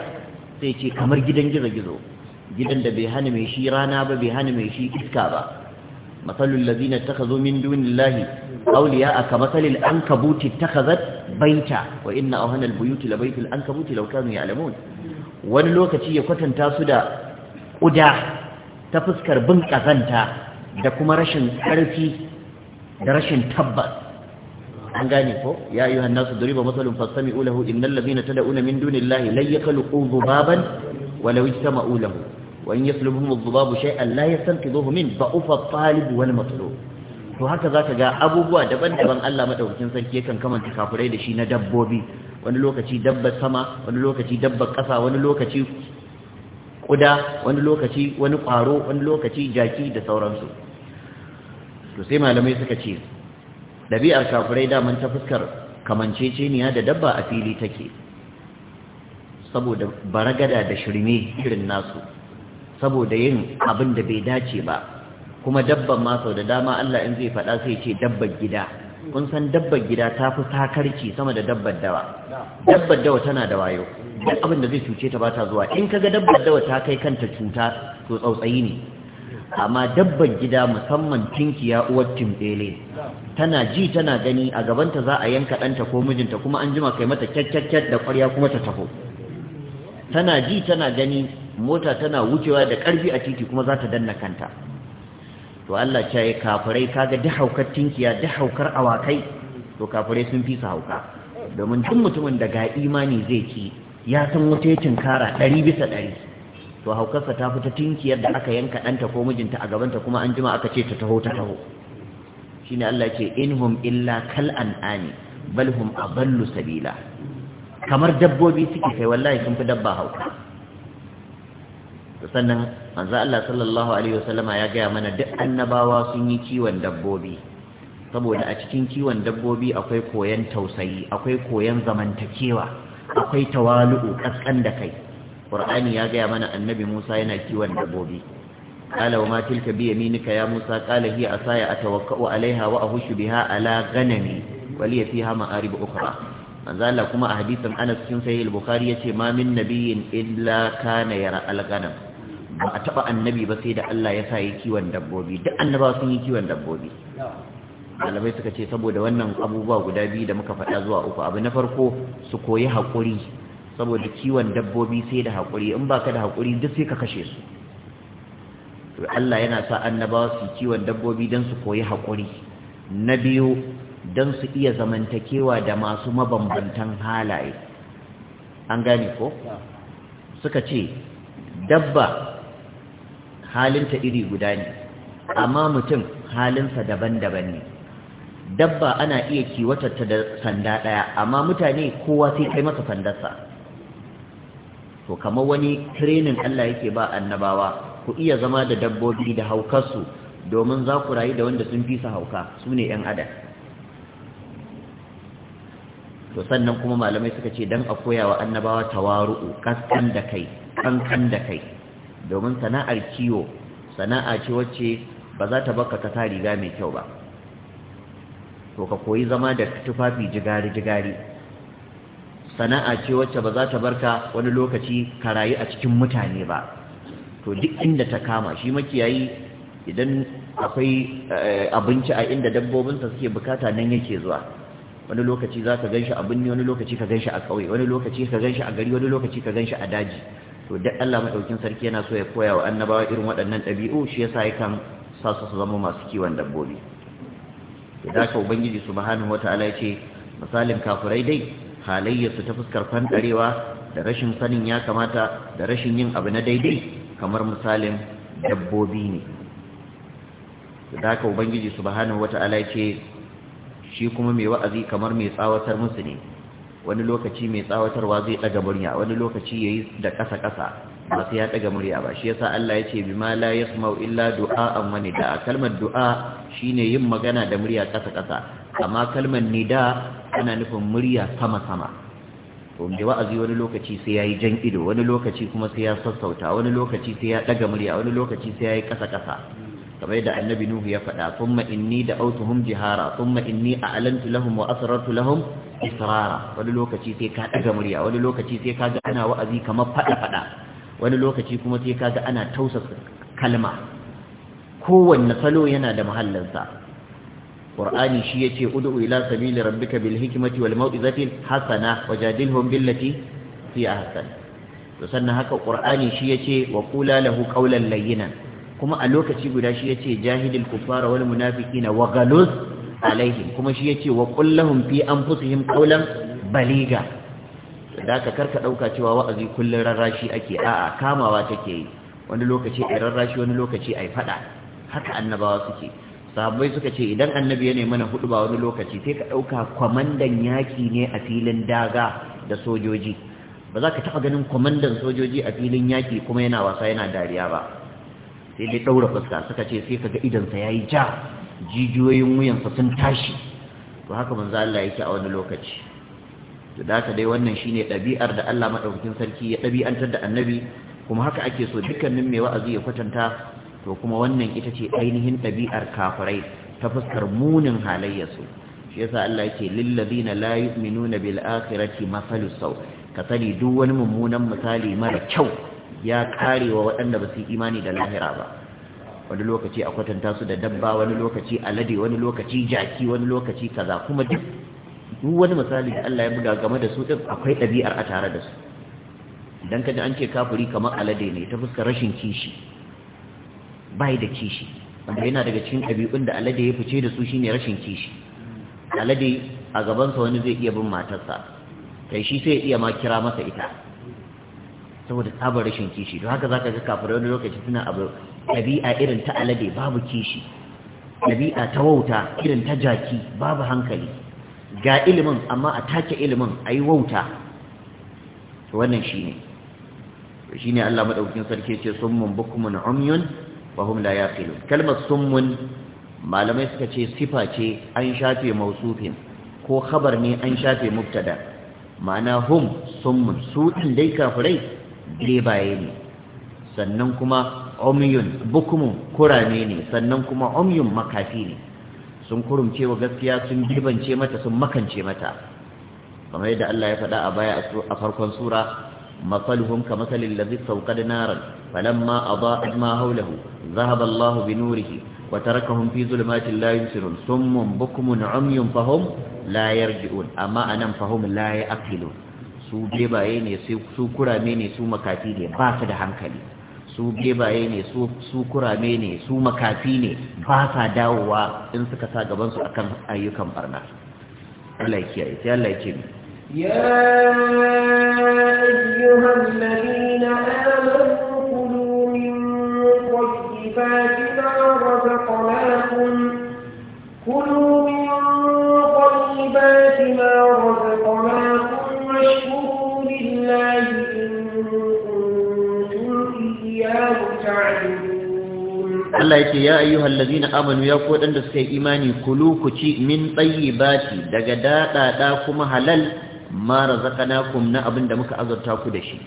sai ce kamar gidan gizo-gizo gidan da bai hana mai shi rana ba bai hana mai shi iska ba matsalul lazina ta ka zo min dunillahi auliya a ka an kabuti ta ka zat baita wa a hannun buyuti la baitul an ya alamun wani lokaci ya kwatanta su da ƙuda ta fuskar bin ƙazanta da kuma rashin ƙarfi da rashin tabbas an gane ko ya yi an-nasu duriba in fastami'u lahu innal ladhina tad'una min dunillahi la yakhluqu dhubaban walau ijtama'u lahu wa in yaslubuhum adh-dhubabu shay'an la yastanqidhuhu min da'ufa at-talib wal matlub to haka zaka ga abubuwa daban-daban Allah madaukakin sarki yakan kamanta kafurai da shi na dabbobi wani lokaci dabbar sama wani lokaci dabbar kasa wani lokaci kuda wani lokaci wani ƙwaro wani lokaci jaki da sauransu to sai malamai suka ce dabi'ar kafirai daman ta fuskar kamanceceniya da dabba a fili take saboda baragada da shirme irin nasu saboda yin abin da bai dace ba kuma dabban ma sau da dama Allah in zai faɗa sai ce dabbar gida kun san dabbar gida ta fi sakarci sama da dabbar dawa dabbar dawa tana da wayo duk abin da zai cuce ta ba ta zuwa in kaga dabbar dawa ta kai kanta cuta to tsautsayi ne amma dabban gida musamman tinkiya uwar timbele tana ji tana gani a gabanta za a yanka ɗanta ko mijinta kuma an jima kai mata kyakkyakkyar da ƙwarya kuma ta taho tana ji tana gani mota tana wucewa da ƙarfi a titi kuma za ta danna kanta to Allah ya yi kafirai kaga duk haukar tinkiya duk haukar awakai to kafurai sun fi su hauka domin duk mutumin da ga imani zai ci ya san wata ya tinkara ɗari bisa ɗari to haukarsa ta fita tinkiyar da aka yanka ɗanta ko mijinta a gabanta kuma an jima aka ce ta taho ta taho ne Allah ce in hum illa kal ani bal hum a ballu sabila kamar dabbobi suke kai wallahi sun fi dabba hauka sannan manzo Allah sallallahu alaihi wasallama ya gaya mana duk annabawa sun yi kiwon dabbobi saboda a cikin kiwon dabbobi akwai koyon tausayi akwai koyon zamantakewa akwai tawalu'u kaskan da kai qur'ani ya gaya mana annabi musa yana kiwon dabbobi qala wa ma tilka bi yaminika ya musa qala hiya asaya a alaiha wa ahushu biha ala ghanami wa li fiha ma'arib ukhra manzo Allah kuma a hadisin Anas cikin sahih al-Bukhari yace ma min nabiyyin illa kana yara al ba a taba annabi ba sai da Allah ya sa yi kiwon dabbobi duk annaba sun yi kiwon dabbobi malamai suka ce saboda wannan abubuwa guda biyu da muka faɗa zuwa uku abu na farko su koyi haƙuri saboda kiwon dabbobi sai da haƙuri in ba ka da haƙuri duk sai ka kashe su to Allah yana sa annabawa su kiwon dabbobi don su koyi haƙuri na biyu don su iya zamantakewa da masu mabambantan halaye an gane ko suka ce dabba halinta iri guda ne amma mutum halinsa daban-daban ne dabba ana iya kiwatarta da sanda ɗaya amma mutane kowa sai kai masa sandarsa to kamar wani training Allah yake ba annabawa ku iya zama da dabbobi da haukarsu domin za ku rayu da wanda sun fi su hauka su ne 'yan adam to sannan kuma malamai suka ce dan a koya wa annabawa tawaru'u kaskan da kai kankan da kai domin sana'ar kiwo sana'a ce wacce ba za ta baka kasa riga mai kyau ba to ka koyi zama da tufafi jigari-jigari sana'a ce wacce ba za ta barka wani lokaci ka rayu a cikin mutane ba to duk inda ta kama shi makiyayi idan akwai eh, abinci a inda dabbobinsa suke bukata nan yake zuwa wani lokaci za ka gan shi a binni wani lokaci ka gan shi a ƙauye wani lokaci ka gan shi a gari wani lokaci ka gan shi a daji to duk Allah maɗaukin sarki yana so ya koya wa annabawa irin waɗannan ɗabi'u shi yasa yakan sa su zama masu kiwon dabbobi da ka ubangiji subhanahu wataala ya ce misalin kafurai dai halayyarsu ta fuskar fanɗarewa da rashin sanin ya kamata da rashin yin abu na daidai kamar misalin dabbobi ne da haka ubangiji bahanin wata ce shi kuma mai wa'azi kamar mai tsawatar musu ne wani lokaci mai tsawatarwa zai ɗaga murya wani lokaci ya yi da ƙasa ƙasa ba sai ya ɗaga murya ba shi yasa Allah ya ce bima la sumau illa du'a an wani da. kalmar du'a shine yin magana da murya ƙasa ƙasa amma kalmar nida ana nufin murya sama-sama wanda wa'azi wani lokaci sai ya yi jan ido wani lokaci kuma sai ya sassauta wani lokaci sai ya ɗaga murya wani lokaci sai ya yi ƙasa-ƙasa kamar yadda annabi nuhu ya faɗa thumma inni da'awtuhum jihara thumma inni a'lantu lahum wa asrartu lahum israra wani lokaci sai ka ɗaga murya wani lokaci sai ka ga ana wa'azi kamar faɗa-faɗa wani lokaci kuma sai ka ga ana tausasa kalma kowanne salo yana da muhallinsa. qur'ani shi yace ud'u ila sabili rabbika bil hikmati wal mau'izati hasana wajadilhum billati fi ahsan to sannan haka qur'ani shi yace wa qula lahu qawlan layyinan kuma a lokaci guda shi yace jahidil kuffara wal munafiqina wa ghaluz alaihim kuma shi yace wa qul lahum fi anfusihim qawlan baliga da ka karka dauka cewa wa'azi kullun rarrashi ake a'a kamawa take yi wani lokaci ai rarrashi wani lokaci ai fada haka annabawa suke sahabbai suka ce idan annabi ya nemi na hudu ba wani lokaci sai ka ɗauka kwamandan yaki ne a filin daga da sojoji ba za ka taɓa ganin kwamandan sojoji a filin yaki kuma yana wasa yana dariya ba sai dai ɗaura fuska suka ce sai ka ga idansa ya yi ja jijiyoyin wuyansa sun tashi to haka manzo Allah yake a wani lokaci to da ka dai wannan shine ɗabi'ar da Allah madaukakin sarki ya ɗabi'antar da annabi kuma haka ake so dukkanin mai wa'azi ya kwatanta to kuma wannan ita ce ainihin ɗabi'ar kafirai ta fuskar munin halayyarsu shi yasa Allah yake lillazina la yu'minuna bil akhirati masalu saw ka sani duk wani mummunan misali mara kyau ya karewa waɗanda ba su imani da lahira ba wani lokaci a kwatanta su da dabba wani lokaci alade wani lokaci jaki wani lokaci kaza kuma duk duk wani misali da Allah ya buga game da su din akwai ɗabi'ar a tare da su idan ka ji an ce kafiri kamar alade ne ta fuskar rashin kishi bai da kishi wanda yana daga cikin ɗabi'un da alade ya fice da su shine rashin kishi alade a gabansa wani zai iya bin matarsa kai shi sai ya iya ma kira masa ita saboda tsabar rashin kishi don haka zaka ga kafirai wani lokaci suna abu ɗabi'a irin ta alade babu kishi ɗabi'a ta wauta irin ta jaki babu hankali ga ilimin amma a take ilimin a yi wauta wannan shi ne shi ne Allah maɗaukin sarki ce sun mun bukumin umyun wa hum la yaqilu kalmar summun malamai suka ce sifa ce an shafe mausufin ko khabar ne an shafe mubtada ma'ana hum summun su din dai kafirai bebaye ne sannan kuma umyun bukumu kurame ne sannan kuma umyun makafi ne sun kurumce wa gaskiya sun girbance mata sun makance mata kamar yadda Allah ya faɗa a baya a farkon sura مثلهم كمثل الذي استوقد نارا فلما أضاءت ما حوله ذهب الله بنوره وتركهم في ظلمات لا يبصرون ثم بكم عمي فهم لا يرجعون أما أنا فهم لا يعقلون su bebaye ne su kurame ne su makafi ne ba su da hankali su bebaye ne su kurame ne su makafi ne ba sa dawowa in suka sa gabansu akan ayyukan barna Allah ya kiyaye sai Allah ya يا أيها الذين آمنوا كلوا من طيبات ما رزقناكم كلوا من طيبات ما رزقناكم واشكروا لله إن كنتم إياه تعبدون Allah ya ce ya ayyuha allazina amanu ya ku wadanda suka yi imani kulu ku ci min tayyibati daga dadada kuma halal ma razaqnakum na abinda muka azurta ku da shi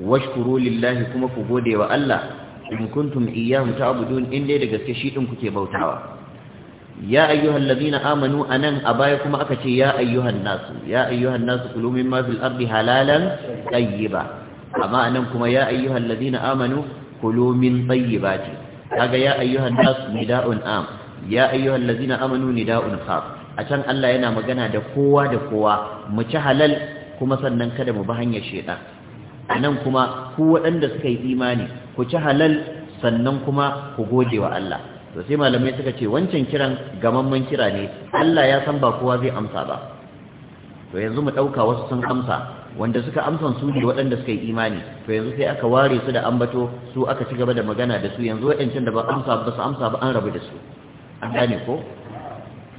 washkuru lillahi kuma ku gode wa Allah in kuntum iyyahu ta'budun in dai da gaske shi din kuke bautawa ya ayyuhal ladina amanu anan abaya kuma aka ce ya ayyuhan nasu ya ayyuhan nasu kulu mimma fil ardi halalan tayyiba amma anan kuma ya ayyuhal ladina amanu kulu min tayyibati kaga ya ayyuhan nasu nida'un am ya ayyuhal ladina amanu nida'un khaf a can Allah yana magana da kowa da kowa mu ci halal kuma sannan kada mu bi hanyar sheda. Nan kuma ku waɗanda suka yi imani ku ci halal sannan kuma ku gode wa Allah to sai malamai suka ce wancan kiran gamamman kira ne Allah ya san ba kowa zai amsa ba to yanzu mu ɗauka wasu sun amsa wanda suka amsa su ne waɗanda suka yi imani to yanzu sai aka ware su da ambato su aka ci gaba da magana da su yanzu waɗancan da ba amsa ba su amsa ba an rabu da su an gane ko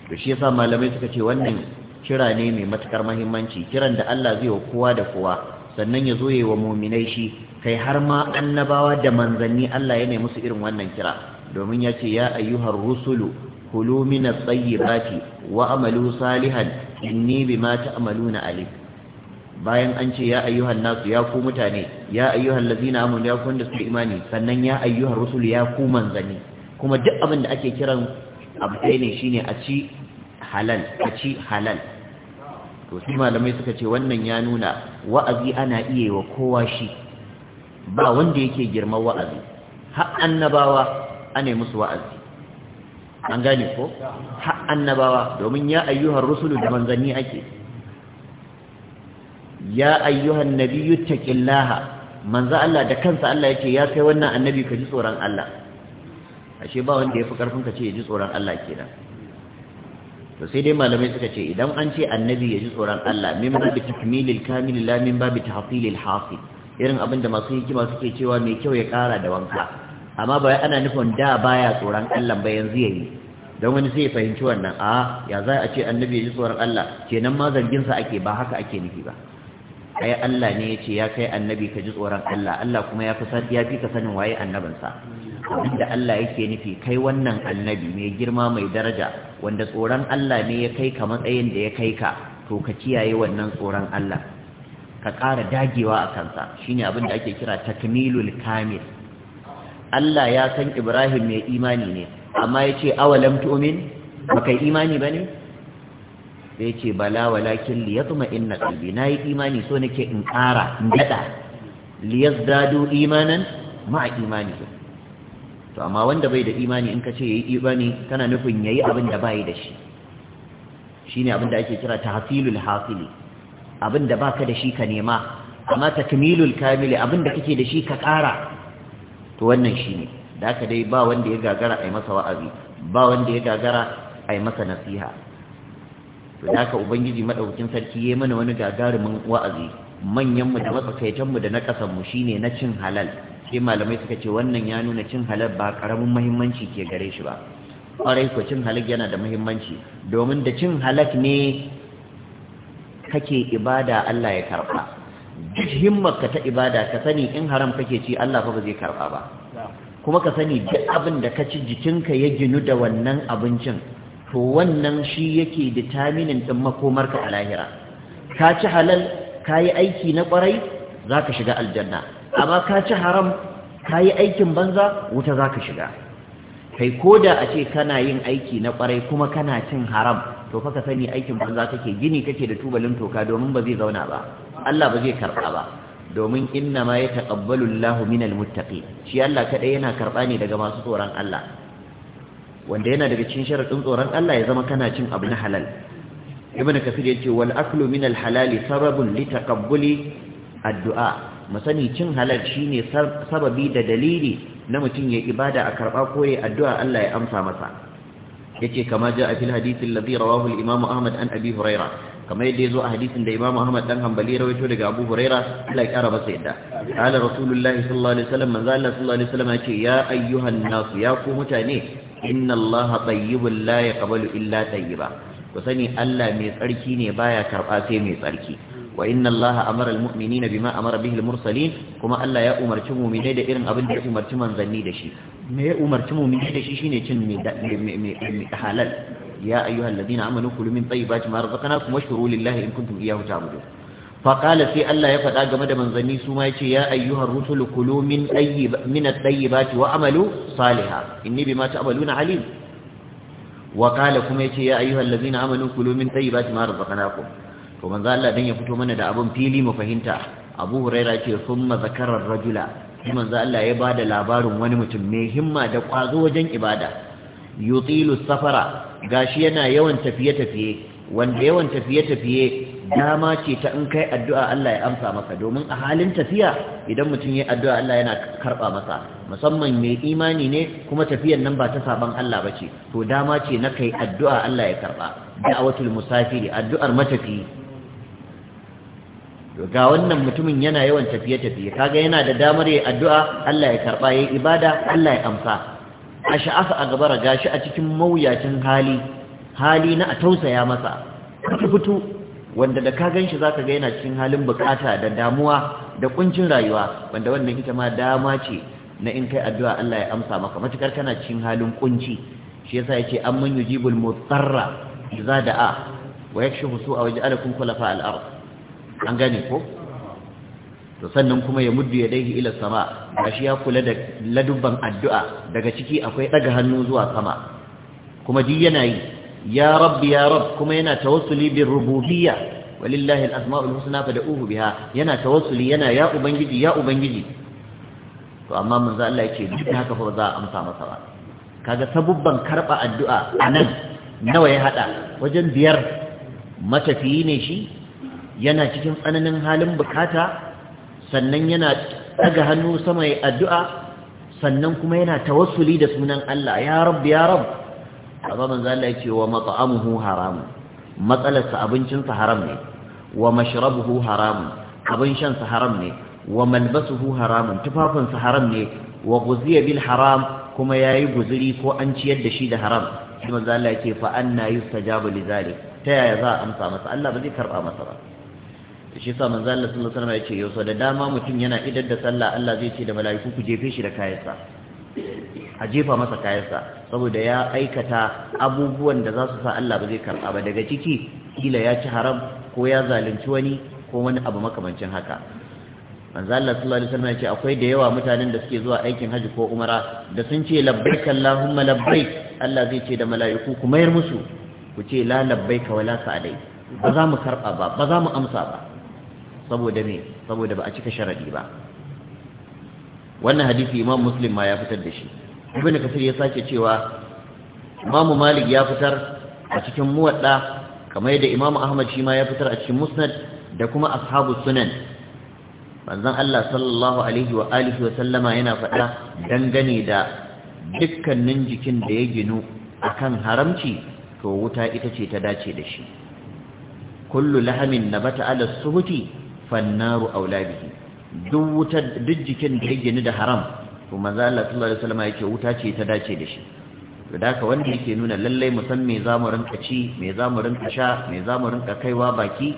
to shi yasa malamai suka ce wannan kira ne mai matukar mahimmanci kiran da Allah zai wa kowa da kowa sannan ya zo wa muminai shi kai har ma annabawa da manzanni Allah ya ne musu irin wannan kira domin ya ce ya ayyuhar rusulu kulu min at-tayyibati wa amalu salihan inni bima ta'maluna alim bayan an ce ya ayyuhan nasu ya ku mutane ya ayyuhan lazina amanu ya ku wanda suka imani sannan ya ayyuhar rusul ya ku manzanni kuma duk abin da ake kiran abu ɗaya ne shine a ci halal a ci halal to sai malamai suka ce wannan ya nuna wa'azi ana iya wa kowa shi ba wanda yake girman wa'azi har annabawa ana musu wa'azi an gane ko har annabawa domin ya ayyuhar rusulu da manzanni ake ya ayyuhan nabiyyu taqillaha manzo Allah da kansa Allah yake ya kai wannan annabi ka ji tsoron Allah ashe ba wanda ya fi karfin ka ce ya ji tsoron Allah kenan to sai dai malamai suka ce idan an ce annabi ya ji tsoron Allah min bi takmilil kamil la min ba babu tahsilil hasil irin abin da masu hikima suke cewa mai kyau ya kara da wanka amma ba ana nufin da baya tsoron Allah ba yanzu yayi don wani sai ya fahimci wannan a ya za a ce annabi ya ji tsoron Allah kenan ma zargin sa ake ba haka ake nufi ba ai Allah ne yace ya kai annabi ka ji tsoron Allah Allah kuma ya fi ya fi ka sanin waye annabinsa abinda Allah yake nufi kai wannan annabi mai girma mai daraja wanda tsoron Allah ne ya kai ka matsayin da ya kai ka to ka kiyaye wannan tsoron Allah ka ƙara dagewa a kansa shine abin da ake kira takmilul kamil Allah ya san Ibrahim mai imani ne amma yace awalam tu'min baka imani bane da yake bala walakin liyatma inna qalbi nayi imani so nake in ƙara in dada liyazdadu imanan ma'a imani to amma wanda bai da imani in kace yayi imani kana nufin yayi abin da bai da shi shine abin da ake kira tahsilul hasili abin da baka da shi ka nema amma takmilul kamili abin da kake da shi ka ƙara to wannan shine da ka dai ba wanda ya gagara a yi masa wa'azi ba wanda ya gagara a yi masa nasiha to da haka ubangiji maɗaukin sarki yayi mana wani gagarumin wa'azi manyan mu da matsakaitan mu da na kasan mu shine na cin halal sai malamai suka ce wannan ya nuna cin halal ba karamin muhimmanci ke gare shi ba kwarai ko cin halal yana da muhimmanci domin da cin halal ne kake ibada Allah ya karba duk himmarka ta ibada ka sani in haram kake ci Allah fa ba zai karba ba kuma ka sani duk abin da ka ci jikinka ya ginu da wannan abincin to wannan shi yake determinin ɗin makomarka a lahira ka ci halal ka yi aiki na ƙwarai za ka shiga aljanna amma ka ci haram ka yi aikin banza wuta za ka shiga kai ko da a ce kana yin aiki na ƙwarai kuma kana cin haram to fa ka sani aikin banza kake gini kake da tubalin toka domin ba zai zauna ba Allah ba zai karɓa ba domin inna ma ya taqabbalu Allahu minal muttaqin shi Allah kadai yana karɓa ne daga masu tsoron Allah wanda yana daga cikin sharadin tsoron Allah ya zama kana cin abu na halal ibnu kasir yace wal aklu min al halali sababun li taqabbuli addu'a musani cin halal shine sababi da dalili na mutum ya ibada a karba ko ya addu'a Allah ya amsa masa yace kama jaa fil hadith alladhi rawahu al imam ahmad an abi huraira kama yadda yazo a hadisin da imam ahmad dan hanbali rawaito daga abu huraira Allah ya kara masa yadda qala rasulullahi sallallahu alaihi wasallam manzo Allah sallallahu alaihi wasallam yace ya ayyuhan nas ya ku mutane inna allaha tayyibun la yaqbalu illa tayyiba ku sani Allah mai tsarki ne baya karba sai mai tsarki wa inna allaha amara almu'minina bima amara bihi almursalin kuma Allah ya umarci mu'minai da irin abin da ya umarci manzanni da shi me ya umarci mu'minai da shi shine cin mai halal ya ayyuhal ladina amanu kulu min tayyibati ma razaqnakum washkuru lillahi in kuntum iyyahu ta'budun faƙala sai Allah ya faɗa game da manzanni su ma ya ce ya ayyuhar rusul kulu min at-tayyibati wa amalu saliha inni bima ta'maluna alim wa qala kuma ya ce ya ayyuhal ladzina amanu kulu min tayyibati ma razaqnakum to manzo Allah dan ya fito mana da abun fili mu fahimta Abu Huraira ce thumma zakara ar-rajula manzo Allah ya bada labarin wani mutum mai himma da kwazo wajen ibada yutilu safara gashi yana yawan tafiye-tafiye wanda yawan tafiye-tafiye dama ce ta in kai addu'a Allah ya amsa maka domin a halin tafiya idan mutum ya addu'a Allah yana karɓa masa musamman mai imani ne kuma tafiyan nan ba ta saban Allah ba ce to dama ce na kai addu'a Allah ya karɓa da'awatul musafiri addu'ar matafi ga wannan mutumin yana yawan tafiye-tafiye kaga yana da damar yayi addu'a Allah ya karɓa yayi ibada Allah ya amsa a sha'afa a gabara gashi a cikin mawuyacin hali hali na a tausaya masa ka fito wanda da ka gan shi za ka ga yana cikin halin bukata da damuwa da kuncin rayuwa wanda wannan ita ma dama ce na in kai addu'a Allah ya amsa maka matukar kana cikin halin kunci shi yasa yace amman yujibul mutarra idza da'a wa yakshifu su'a wa yaj'alukum khulafa al-ard an gane ko to sannan kuma ya muddu dai ila sama shi ya kula da ladubban addu'a daga ciki akwai daga hannu zuwa sama kuma duk yana yi ya rabbi ya rabb kuma yana tawassuli bir rububiyya walillahi al-asma'ul husna fad'uhu biha yana tawassuli yana ya ubangiji ya ubangiji to amma manzo Allah yake duk haka ba za a amsa masa ba kaga sabubban karba addu'a anan nawa ya hada wajen biyar matafiyi ne shi yana cikin tsananin halin bukata sannan yana daga hannu sama ya addu'a sannan kuma yana tawassuli da sunan Allah ya rabbi ya amma manzo Allah yake wa mat'amuhu haram abincinsa haram ne wa mashrabuhu haram abin shansa haram ne wa malbasuhu haram tufafinsa haram ne wa guziya bil haram kuma yayi guzuri ko an ciyar da shi da haram shi manzo Allah yake fa anna yustajabu li zalik ta yaya za a amsa masa Allah ba zai karba masa ba shi sa manzo Allah sallallahu alaihi wasallam yake yau da dama mutum yana idar da sallah Allah zai ce da mala'iku ku jefe shi da kayansa a jefa masa kayansa saboda ya aikata abubuwan da za su sa Allah ba zai karɓa ba daga ciki kila ya ci haram ko ya zalunci wani ko wani abu makamancin haka manzo Allah sallallahu alaihi wasallam ya ce akwai da yawa mutanen da suke zuwa aikin haji ko umara da sun ce labbaik allahumma labbaik Allah zai ce da mala'iku ku mayar musu ku ce la labbaika wala sa'alai ba za mu karɓa ba ba za mu amsa ba saboda me saboda ba a cika sharadi ba wannan hadisi imam muslim ma ya fitar da shi ibn kasir ya sake cewa imam malik ya fitar a cikin muwadda kamar yadda imam ahmad shi ma ya fitar a cikin musnad da kuma ashabu sunan manzon Allah sallallahu alaihi wa alihi wa sallama yana faɗa dangane da dukkanin jikin da ya ginu akan haramci to wuta ita ce ta dace da shi kullu lahamin nabata ala suhuti fannaru aula bihi duk wuta duk jikin da ya da haram to manzo Allah sallallahu alaihi wasallam yake wuta ce ta dace da shi da haka wanda yake nuna lallai mu san me zamu rinka ci me zamu rinka sha me zamu rinka kaiwa baki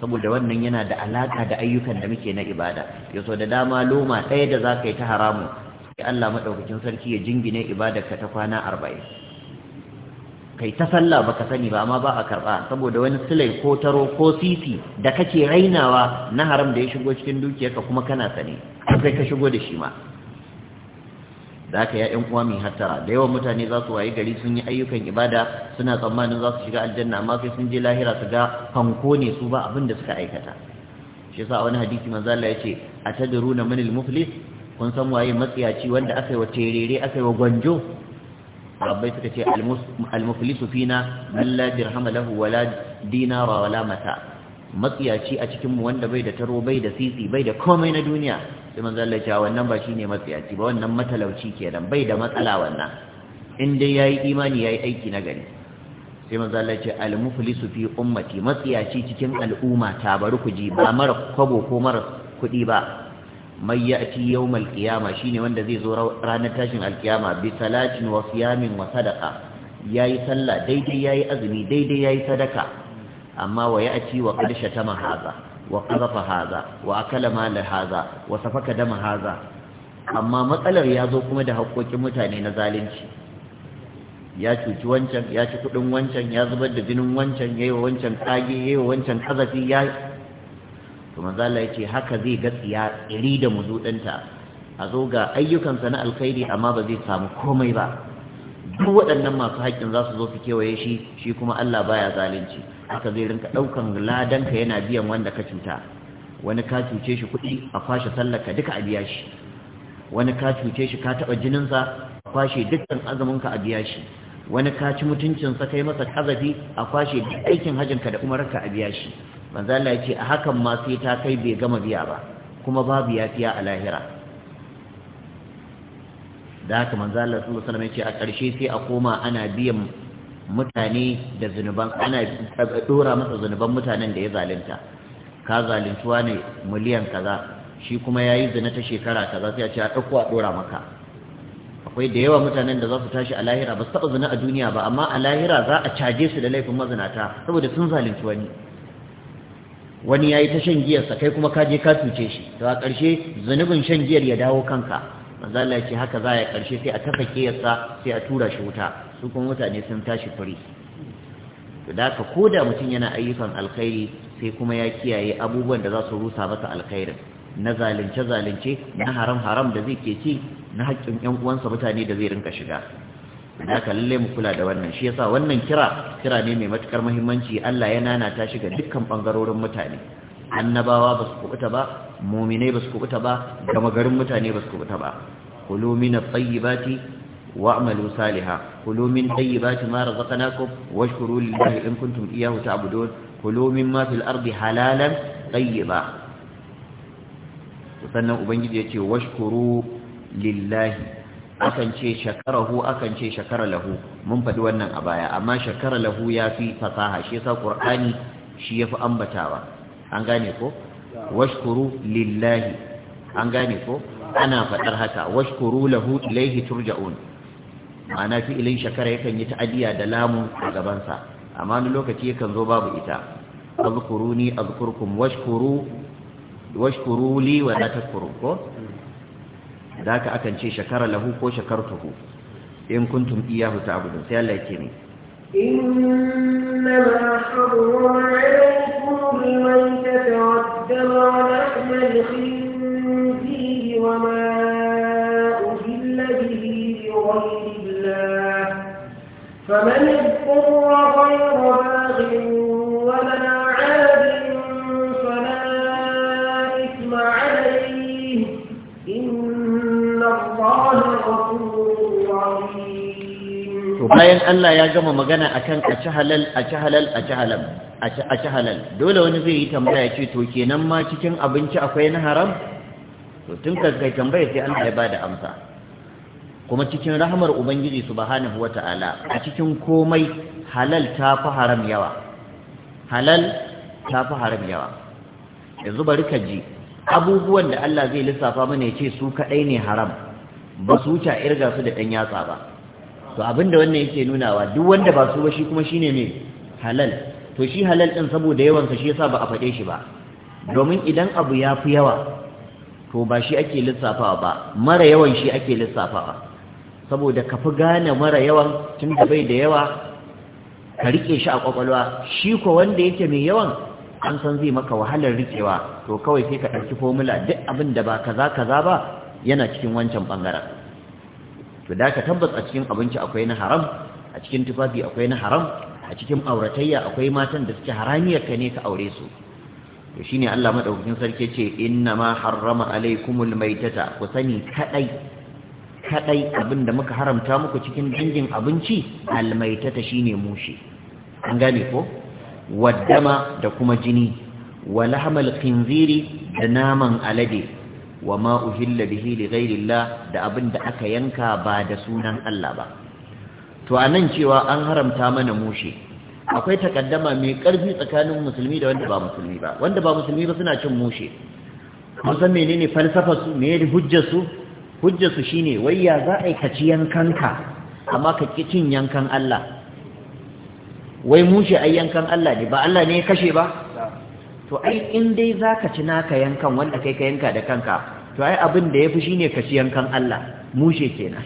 saboda wannan yana da alaka da ayyukan da muke na ibada yaso da dama loma ɗaya da zaka yi ta haramu sai Allah madaukakin sarki ya jingine ibadar ka ta kwana arba'in kai ta sallah ba ka sani ba amma ba a karɓa, saboda wani silai ko taro ko sisi da kake rainawa na haram da ya shigo cikin dukiyarka kuma kana sani sai ka shigo da shi ma da haka ya ƴan uwa mai hattara da yawan mutane za su waye gari sun yi ayyukan ibada suna tsammanin za su shiga aljanna amma sai sun je lahira su ga fanko ne su ba abin da suka aikata shi yasa wani hadisi manzo Allah yace atadruna manil muflis kun san waye matsiyaci wanda aka yi wa terere aka yi wa gwanjo sahabbai suka ce almuflisu fina man la dirhama lahu wala dinara wala mata matsiyaci a cikin mu wanda bai da taro bai da sisi bai da komai na duniya sai manzo Allah ya wannan ba shine matsiyaci ba wannan matalauci kenan bai da matsala wannan in dai yayi imani yayi aiki na gari sai manzo Allah ya almuflisu fi ummati matsiyaci cikin al'umma ta bari ku ji ba mara kwabo ko mara kuɗi ba mai ya'ti yawmal qiyama shine wanda zai zo ranar tashin alkiyama bi salatin wa siyamin wa sadaqa yayi sallah daidai yayi azumi daidai yayi sadaka amma wa ya'ti wa qad shatama hadha wa qadafa hadha wa akala mal hadha wa safaka dama hadha amma matsalar ya zo kuma da haƙoƙin mutane na zalunci ya cuci wancan ya ci kuɗin wancan ya zubar da jinin wancan yayi wa wancan kage yayi wa wancan kazafi ya to manzo Allah yace haka zai ga tsiya iri da muzudinta a zo ga ayyukansa na alkhairi amma ba zai samu komai ba duk waɗannan masu haƙƙin za su zo su kewaye shi shi kuma Allah baya zalunci haka zai rinka ɗaukan ladanka yana biyan wanda ka cuta wani ka cuce shi kuɗi a kwashe sallarka duka a biya shi wani ka cuce shi ka taɓa jininsa a kwashe dukkan azuminka a biya shi wani ka ci mutuncinsa kai masa kazafi a kwashe duk aikin hajjinka da umarka a biya shi manzo Allah ya ce a hakan ma sai ta kai bai gama biya ba kuma babu yafiya a lahira da haka manzo Allah sallallahu alaihi wasallam ya a ƙarshe sai a koma ana biyan mutane da zunuban ana dora masa zunuban mutanen da ya zalunta ka zaluntuwa ne miliyan kaza shi kuma ya yi zina ta shekara kaza sai a ce a ɗauko a ɗora maka akwai da yawa mutanen da za su tashi a lahira ba su taɓa zina a duniya ba amma a lahira za a caje su da laifin mazinata saboda sun zalunci wani wani ya yi ta shan sa, kai kuma ka je ka cuce shi to a ƙarshe zunubin shan giyar ya dawo kanka manzo Allah ya ce haka za ya ƙarshe sai a tafa giyarsa sai a tura shi wuta su kuma mutane sun tashi fari to da ka koda mutum yana ayyukan alkhairi sai kuma ya kiyaye abubuwan da za su rusa masa alkhairin na zalunce zalunce na haram haram da zai ke ci na haƙƙin ƴan uwansa mutane da zai rinka shiga na haka lalle mu kula da wannan shi yasa wannan kira kira ne mai matukar muhimmanci Allah ya nanata shi ga dukkan bangarorin mutane annabawa ba su kubuta ba muminai ba su kubuta ba gama garin mutane ba su kubuta ba kulu min at-tayyibati wa'malu salihan kulu min tayyibati ma razaqnakum washkuru lillahi in kuntum iyyahu ta'budun kulu mimma fil ardi halalan tayyiba sannan ubangiji yace washkuru lillahi akan ce shakarahu akan ce shakara lahu mun faɗi wannan a baya amma shakara lahu ya fi fasaha shi yasa qur'ani shi yafi ambatawa an gane ko washkuru lillahi an gane ko ana faɗar haka washkuru lahu ilaihi turja'un ma'ana ilin shakara yakan yi ta'adiya da lamu a gabansa amma wani lokaci yakan zo babu ita azkuruni azkurkum washkuru washkuru li wa la tashkurun ko da haka akan ce shakara lahu ko shakartuhu in kuntum iyahu ta'budun sai Allah yake ne inna ma harrama alaykum al-maytata wad-dama wa lahma al-khinzir wa ma uhilla bihi li ghayri Allah faman bayan Allah ya gama magana akan a ci halal a ci halal a ci halal a ci halal dole wani zai yi tambaya ce to kenan ma cikin abinci akwai na haram to tun kai tambaya sai Allah ya bada amsa kuma cikin rahamar ubangiji subhanahu wata'ala a cikin komai halal ta fi haram yawa halal ta fi haram yawa yanzu bari ka ji abubuwan da Allah zai lissafa mana ya ce su kaɗai ne haram ba su wuce irga su da ɗan yatsa ba to abinda wannan yake nunawa duk wanda ba su ba shi kuma shine mai halal to shi halal din saboda yawansa shi yasa ba a faɗe shi ba domin idan abu ya fi yawa to ba shi ake lissafawa ba mara yawan shi ake lissafawa saboda ka fi gane mara yawan tun da bai da yawa ka rike shi a kwakwalwa shi ko wanda yake mai yawan an san zai maka wahalar rikewa to kawai sai ka ɗauki fomula duk abin da ba kaza kaza ba yana cikin wancan ɓangaren to da ka tabbas a cikin abinci akwai na haram a cikin tufafi akwai na haram a cikin auratayya akwai matan da suke haramiyar ka ne ka aure su to shine Allah madaukakin sarki ce inna ma harrama alaikumul maitata ku sani kadai kadai abinda muka haramta muku cikin dangin abinci almaitata shine mushi an gane ko waddama da kuma jini wa lahmal khinziri da naman alade wa ma uhilla bihi li ghairillah da abin da aka yanka ba da sunan Allah ba to anan cewa an haramta mana mushe akwai takaddama mai karfi tsakanin musulmi da wanda ba musulmi ba wanda ba musulmi ba suna cin mushe musan menene falsafar su me hujjar su hujjar su shine wai ya za a kaci yankanka amma ka ki cin yankan Allah wai mushe ai Allah ne ba Allah ne ya kashe ba to ai in dai zaka ci naka yankan wanda kai ka yanka da kanka to ai abin da yafi shine ka ci yankan Allah mushe kenan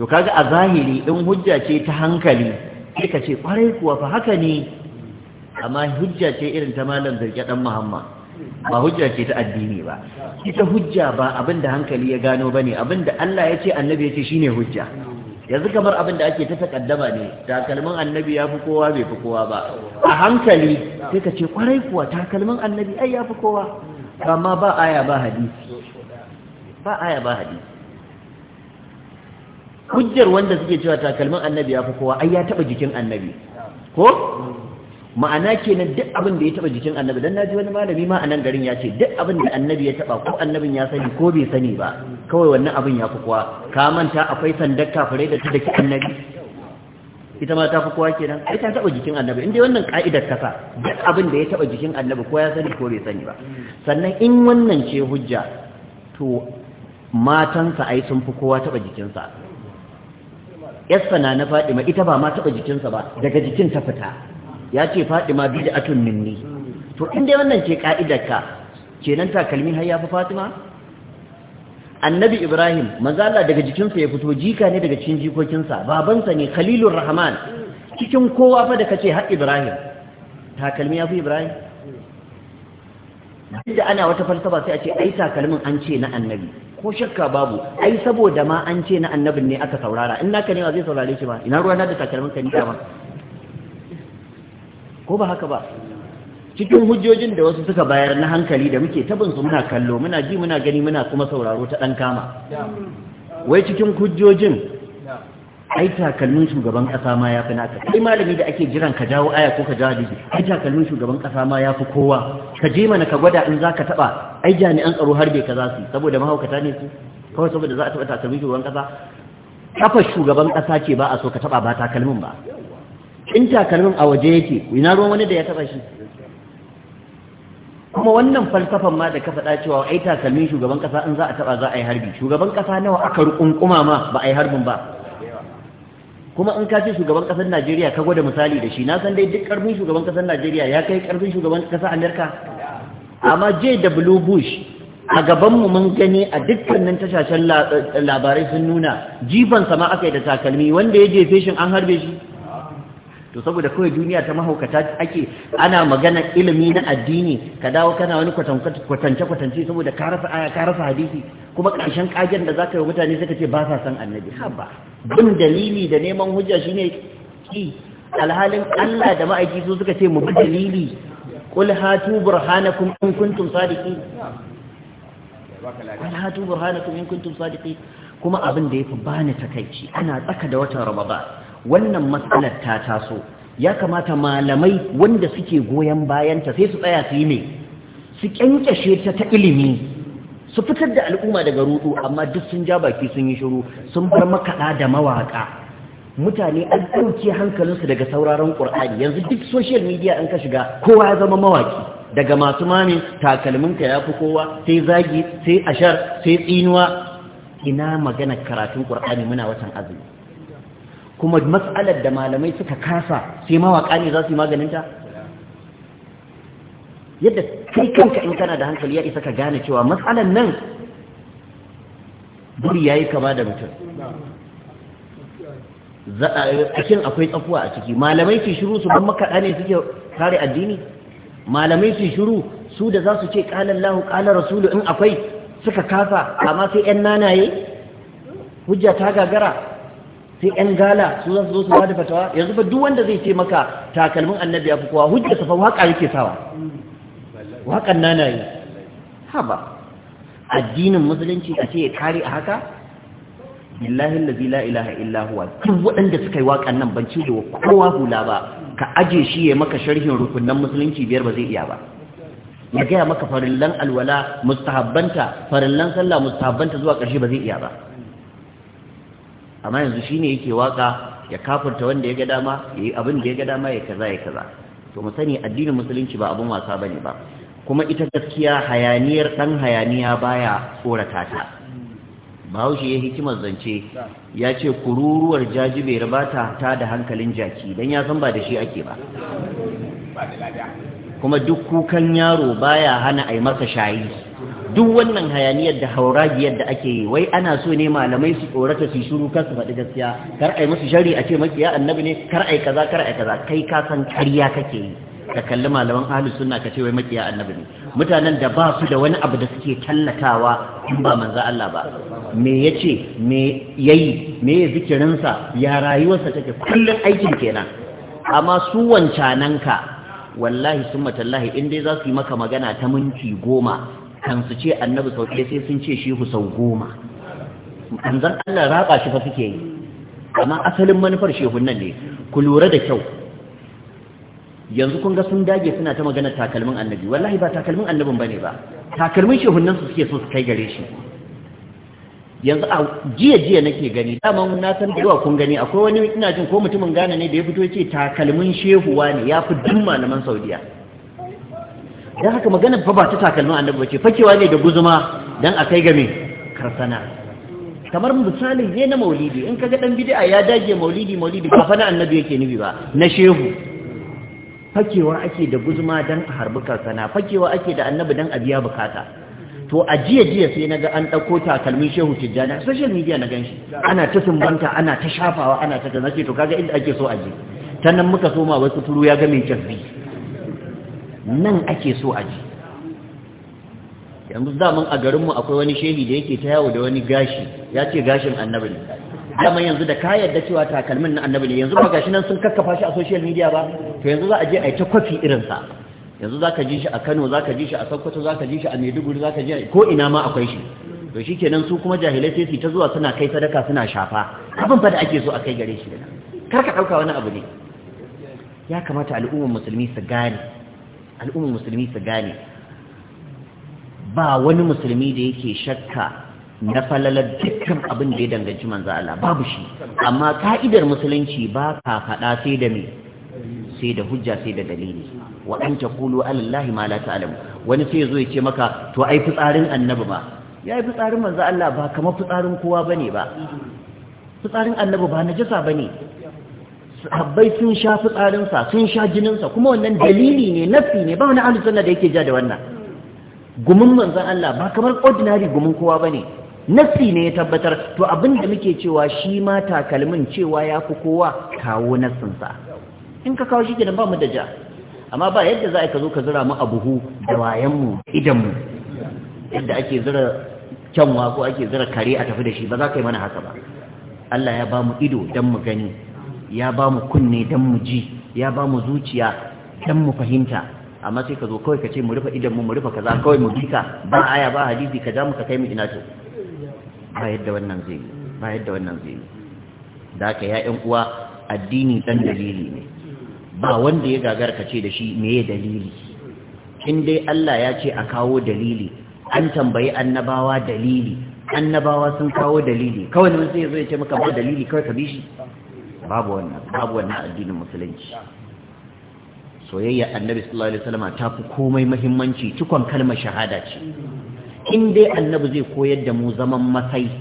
to kaga a zahiri in hujja ce ta hankali sai ka ce kwarai kuwa fa haka ne amma hujja ce irin ta malam zarge dan Muhammad ba hujja ce ta addini ba ita hujja ba abin da hankali ya gano bane abin da Allah ya ce annabi ya ce shine hujja yanzu kamar abin da ake ta takaddama ne takalmin annabi ya fi kowa bai fi kowa ba a hankali sai ka ce kwarai kuwa takalmin annabi ai ya fi kowa amma ba aya ba hadisi ba aya ba hadisi hujjar wanda suke cewa takalmin annabi ya fi kowa ai ya taba jikin annabi ko ma'ana kenan duk abin da ya taba jikin annabi dan naji wani malami ma a nan garin ya ce duk abin da annabi ya taba ko annabin ya sani ko bai sani ba kawai wannan abin ya fi kowa ka manta akwai sandar kafirai da ta daki annabi ita ma ta fi kowa kenan ai ta taba jikin annabi inda wannan ka'idar kasa duk abin da ya taba jikin annabi ko ya sani ko bai sani ba sannan in wannan ce hujja to matansa ai sun fi kowa taba jikinsa yassa na na fadima ita ba ma taba jikinsa ba daga jikin ta fita ya ce fatima bid'atun minni to inda wannan ce ka'idar kenan takalmi har ya fi fatima annabi ibrahim manzo Allah daga jikinsa ya fito jika ne daga cikin jikokinsa babansa ne khalilur rahman cikin kowa fa da kace har ibrahim takalmi ya fi ibrahim Inda ana wata falsafa sai a ce ai takalmin an ce na annabi ko shakka babu ai saboda ma an ce na annabin ne aka saurara in naka ne wa zai saurare shi ba ina ruwa na da takalmin ka ni ba ko ba haka ba cikin hujjojin da wasu suka bayar na hankali da muke tabin su muna kallo muna ji muna gani muna kuma sauraro ta dan kama wai cikin hujjojin ai takalmin shugaban kasa ma yafi naka kai malami da ake jiran ka jawo aya ko ka jawo hadisi ai takalmin shugaban kasa ma yafi kowa ka je mana ka gwada in zaka taba ai jami'an tsaro har bai kaza su saboda mahaukata ne su kawai saboda za a taba takalmin shugaban kasa kafa shugaban kasa ce ba a so ka taba ba takalmin ba in takalmin a waje yake ina ruwan wani da ya taba shi kuma wannan falsafan ma da ka faɗa cewa ai takalmin shugaban kasa in za a taba za a yi harbi shugaban kasa nawa aka rukunkuma ma ba a yi harbin ba kuma in ka ce shugaban kasar Najeriya ka gwada misali da shi na san dai duk karfin shugaban kasar Najeriya ya kai karfin shugaban a Amerika amma J.W. Bush a gabanmu mun gani a dukkanin tashashen labarai sun nuna jifan sama aka yi da takalmi wanda ya je feshin an harbe shi to saboda kawai duniya ta mahaukata ake ana magana ilimi na addini ka dawo kana wani kwatance kwatance saboda ka rasa aya ka rasa hadisi kuma karshen kajin da zaka yi mutane suka ce ba sa san annabi haba bin dalili da neman hujja shine ki alhalin Allah da ma'aiki su suka ce mu bi dalili qul hatu burhanakum in kuntum sadiqin qul hatu burhanakum in kuntum sadiqin kuma abin da ya yafi bani takaici ana tsaka da watan ramaba wannan matsalar ta taso ya kamata malamai wanda suke goyon bayanta sai su tsaya su yi ne su kyankyashe ta ta ilimi su fitar da al'umma daga rudu amma duk sun ja baki sun yi shiru sun bar makaɗa da mawaƙa mutane an ɗauke hankalinsu daga sauraron ƙur'ani yanzu duk social media an ka shiga kowa ya zama mawaƙi daga masu mami takalminka ya fi kowa sai zagi sai ashar sai tsinuwa ina magana karatun qur'ani muna watan azumi kuma mas'alar da malamai suka kasa sai mawaka ne za su yi maganin ta yadda kai kanka in kana da hankali ya isa ka gane cewa matsalar nan buri yayi kama da mutum cikin akwai tsakuwa a ciki malamai su shiru su ban makaɗa ne suke kare addini malamai su shiru su da za su ce ƙalar lahu ƙalar rasulu in akwai suka kasa amma sai ‘yan nanaye hujja ta gagara sai ‘yan gala su za su zo su ba da fatawa yanzu ba duk wanda zai ce maka takalmin annabi ya fi kowa hujja ta fa waka yake sawa wakan nanaye haba addinin musulunci a ce ya kare a haka billahi allazi la ilaha illa huwa duk waɗanda suka yi wakan nan ban ce da kowa hula ba ka aje shi ya maka sharhin rukunnan musulunci biyar ba zai iya ba ya gaya maka farillan alwala mustahabbanta farillan sallah mustahabbanta zuwa ƙarshe ba zai iya ba amma yanzu shine yake waka ya kafurta wanda ya ga dama ya abin da ya ga dama ya kaza ya kaza to mu sani addinin musulunci ba abin wasa bane ba kuma ita gaskiya hayaniyar dan hayaniya baya tsorata ta bahaushe ya hikimar zance ya ce kururuwar jajibe rabata ta da hankalin jaki don ya san ba da shi ake ba kuma duk kukan yaro baya hana a yi masa shayi duk wannan hayaniyar da hauragiyar da ake yi wai ana so ne malamai su tsorata su shuru kar su faɗi gaskiya kar a yi musu shari a ce ya annabi ne kar a yi kaza kar a yi kaza kai ka san karya kake yi ka kalli malaman ahlus sunna ka ce wai ya annabi ne mutanen da ba su da wani abu da suke tallatawa in ba manzo Allah ba me yace me yayi me zikirinsa ya rayuwarsa take kullun aikin kenan amma su wancananka wallahi sun matallahi in dai za su yi maka magana ta minti goma kan su ce annabi sau ɗaya sai sun ce shi ku sau goma manzon Allah raba shi fa suke yi amma asalin manufar shehun nan ne ku lura da kyau yanzu kun ga sun dage suna ta magana takalmin annabi wallahi ba takalmin annabin bane ba takalmin shehun nan su suke so su kai gare shi yanzu a jiya jiya nake gani daman na san da yawa kun gani akwai wani ina jin ko mutumin gane ne da ya fito ce takalmin shehuwa ne ya fi duk malaman Saudiya Don haka magana fa ba ta takalmin annabi ce, fakewa ne da guzuma dan a kai game karsana kamar misali ne na maulidi in kaga dan bid'a ya dage maulidi maulidi ba fa na annabi yake nubi ba na shehu fakewa ake da guzuma dan a harbi karsana fakewa ake da annabi dan a biya bukata to a jiya jiya sai naga an ɗauko takalmin shehu tijjani social media na ganshi ana ta sumbanta ana ta shafawa ana ta gaza ce to kaga inda ake so a ji. ta nan muka soma wasu turu ya ga mai jazbi nan ake so a ji. yanzu zaman a garinmu akwai wani shehi da yake ta yawo da wani gashi ya ce gashin annabi ne zaman yanzu da ka yarda cewa takalmin na annabi ne yanzu ba gashi nan sun kakkafa shi a social media ba to yanzu za a je a yi ta kwafi irinsa yanzu za ka ji shi a kano za ka ji shi a sokoto za ka ji shi a maiduguri za ka ji ko ina ma akwai shi to shi kenan su kuma jahilai sai su ta zuwa suna kai sadaka suna shafa abin fa da ake so a kai gare shi da kar ka ɗauka wani abu ne ya kamata al'ummar musulmi su gane al'ummar musulmi su gane ba wani musulmi da yake shakka na falalar dukkan abin da ya danganci manzo Allah babu shi amma ka'idar musulunci ba ka faɗa sai da me sai da hujja sai da dalili wa an taqulu ala ma la ta'lamu wani sai yazo ya ce maka to ai fitsarin annabi Ya yayi fitsarin manzo Allah ba kamar fitsarin kowa bane ba fitsarin annabi ba najasa bane sahabbai sun sha fitsarinsa sun sha jininsa kuma wannan dalili ne nafi ne ba wani ahlus da yake ja da wannan gumin manzo Allah ba kamar ordinary gumin kowa bane nafi ne ya tabbatar to abin da muke cewa shi ma takalmin cewa ya fi kowa kawo nassinsa in ka kawo shi kenan ba mu da ja amma ba yadda za ka zo ka zira mu a buhu da wayanmu idanmu yadda ake zira kyanwa ko ake zira kare a tafi da shi ba za ka yi mana haka ba Allah ya ba mu ido don mu gani ya ba mu kunne don mu ji ya ba mu zuciya don mu fahimta amma sai ka zo kawai ka ce mu rufe idanmu mu rufe kaza kawai mu bi ka ba aya ba hadisi ka ja mu ka kai mu ina to ba yadda wannan zai ba yadda wannan zai da ka ya uwa addini dan dalili ne ba wanda ya gagar ka ce da shi meye dalili in dai Allah ya ce a kawo dalili an tambayi annabawa dalili annabawa sun kawo dalili kawai mun sai zo ya ce maka ba dalili kawai ka bi shi babu wannan babu wannan addinin musulunci soyayya annabi sallallahu alaihi wasallam ta fi komai muhimmanci cikon kalmar shahada ce in dai annabi zai koyar da mu zaman masai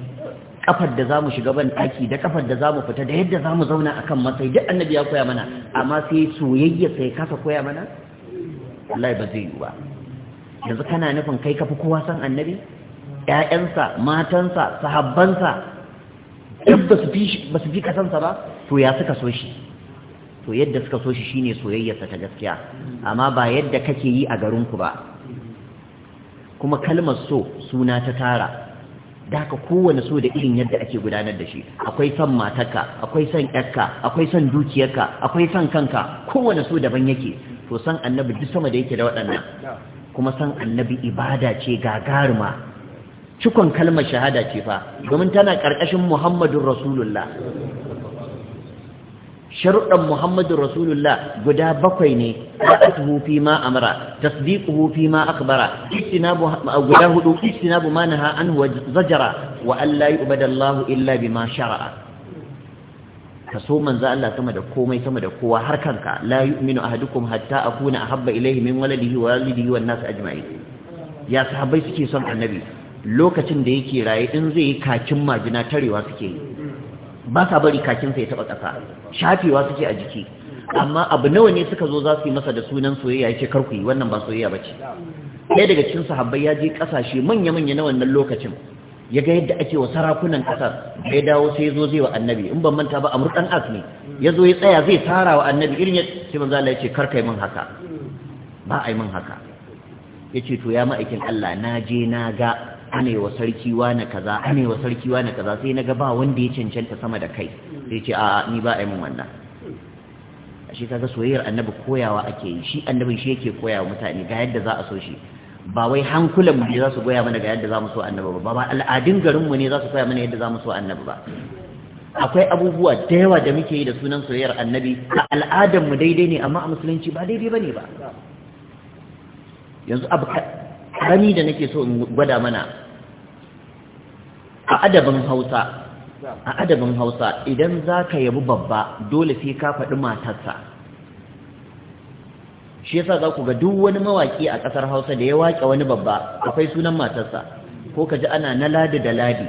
kafar da zamu shiga ban daki da kafar da zamu fita da yadda zamu zauna akan masai duk annabi ya koya mana amma sai soyayya sai kasa koya mana wallahi ba zai yi ba yanzu kana nufin kai kafi kowa san annabi ƴaƴansa matansa sahabbansa duk ba su fi ba su fi kasansa ba to ya suka so shi to yadda suka so shi shine soyayyarsa ta gaskiya amma ba yadda kake yi a garinku ba kuma kalmar so suna ta tara da haka kowane so da irin yadda ake gudanar da shi akwai son matarka akwai son yarka akwai son dukiyarka akwai son kanka kowane so daban yake to san annabi duk sama da yake da waɗannan kuma san annabi ibada ce gagaruma cikon kalmar shahada ce fa domin tana ƙarƙashin muhammadun rasulullah sharuɗan Muhammadu Rasulullah guda bakwai ne ta'atuhu fi ma amara tasdiquhu fi ma akhbara guda hudu istinabu ma naha anhu zajara wa an la yu'bada Allah illa ma shara'a ka so manzo Allah sama da komai sama da kowa har kanka la yu'minu ahadukum hatta a habba ilayhi min waladihi wa walidihi wan nas ajma'in ya sahabbai suke son annabi lokacin da yake raye in zai yi kakin majina tarewa suke yi ba sa bari kakinsa ya taɓa ƙasa shafewa suke a jiki amma abu nawa ne suka zo za su yi masa da sunan soyayya yake karku yi wannan ba soyayya ba ce ɗaya daga cikin sahabbai ya je ƙasashe manya-manya na wannan lokacin ya ga yadda ake wa sarakunan ƙasar ya dawo sai ya zo zai wa annabi in ban manta ba a murɗan as ne ya zo ya tsaya zai tsara wa annabi irin ya ce manzo Allah ya ce karka yi min haka ba a yi min haka ya ce to ya ma'aikin Allah na je na ga ane wa sarki wani kaza ane wa sarki wani kaza sai na ga ba wanda ya cancanta sama da kai sai ce a ni ba a yi min wannan a shi kaga soyayyar annabi koyawa ake yi shi annabin shi yake koyawa mutane ga yadda za a so shi ba wai hankulan mu ne za su goya mana ga yadda za mu so annabi ba ba al'adun garin mu ne za su koya mana yadda za mu so annabi ba akwai abubuwa da yawa da muke yi da sunan soyayyar annabi a al'adar mu daidai ne amma a musulunci ba daidai bane ba yanzu abu karami da nake so in gwada mana a adabin hausa a adabin hausa idan za ka yabi babba dole sai ka faɗi matarsa shi yasa za ku ga duk wani mawaƙi a ƙasar hausa da ya wake wani babba akwai sunan matarsa ko kaji ana na ladi da ladi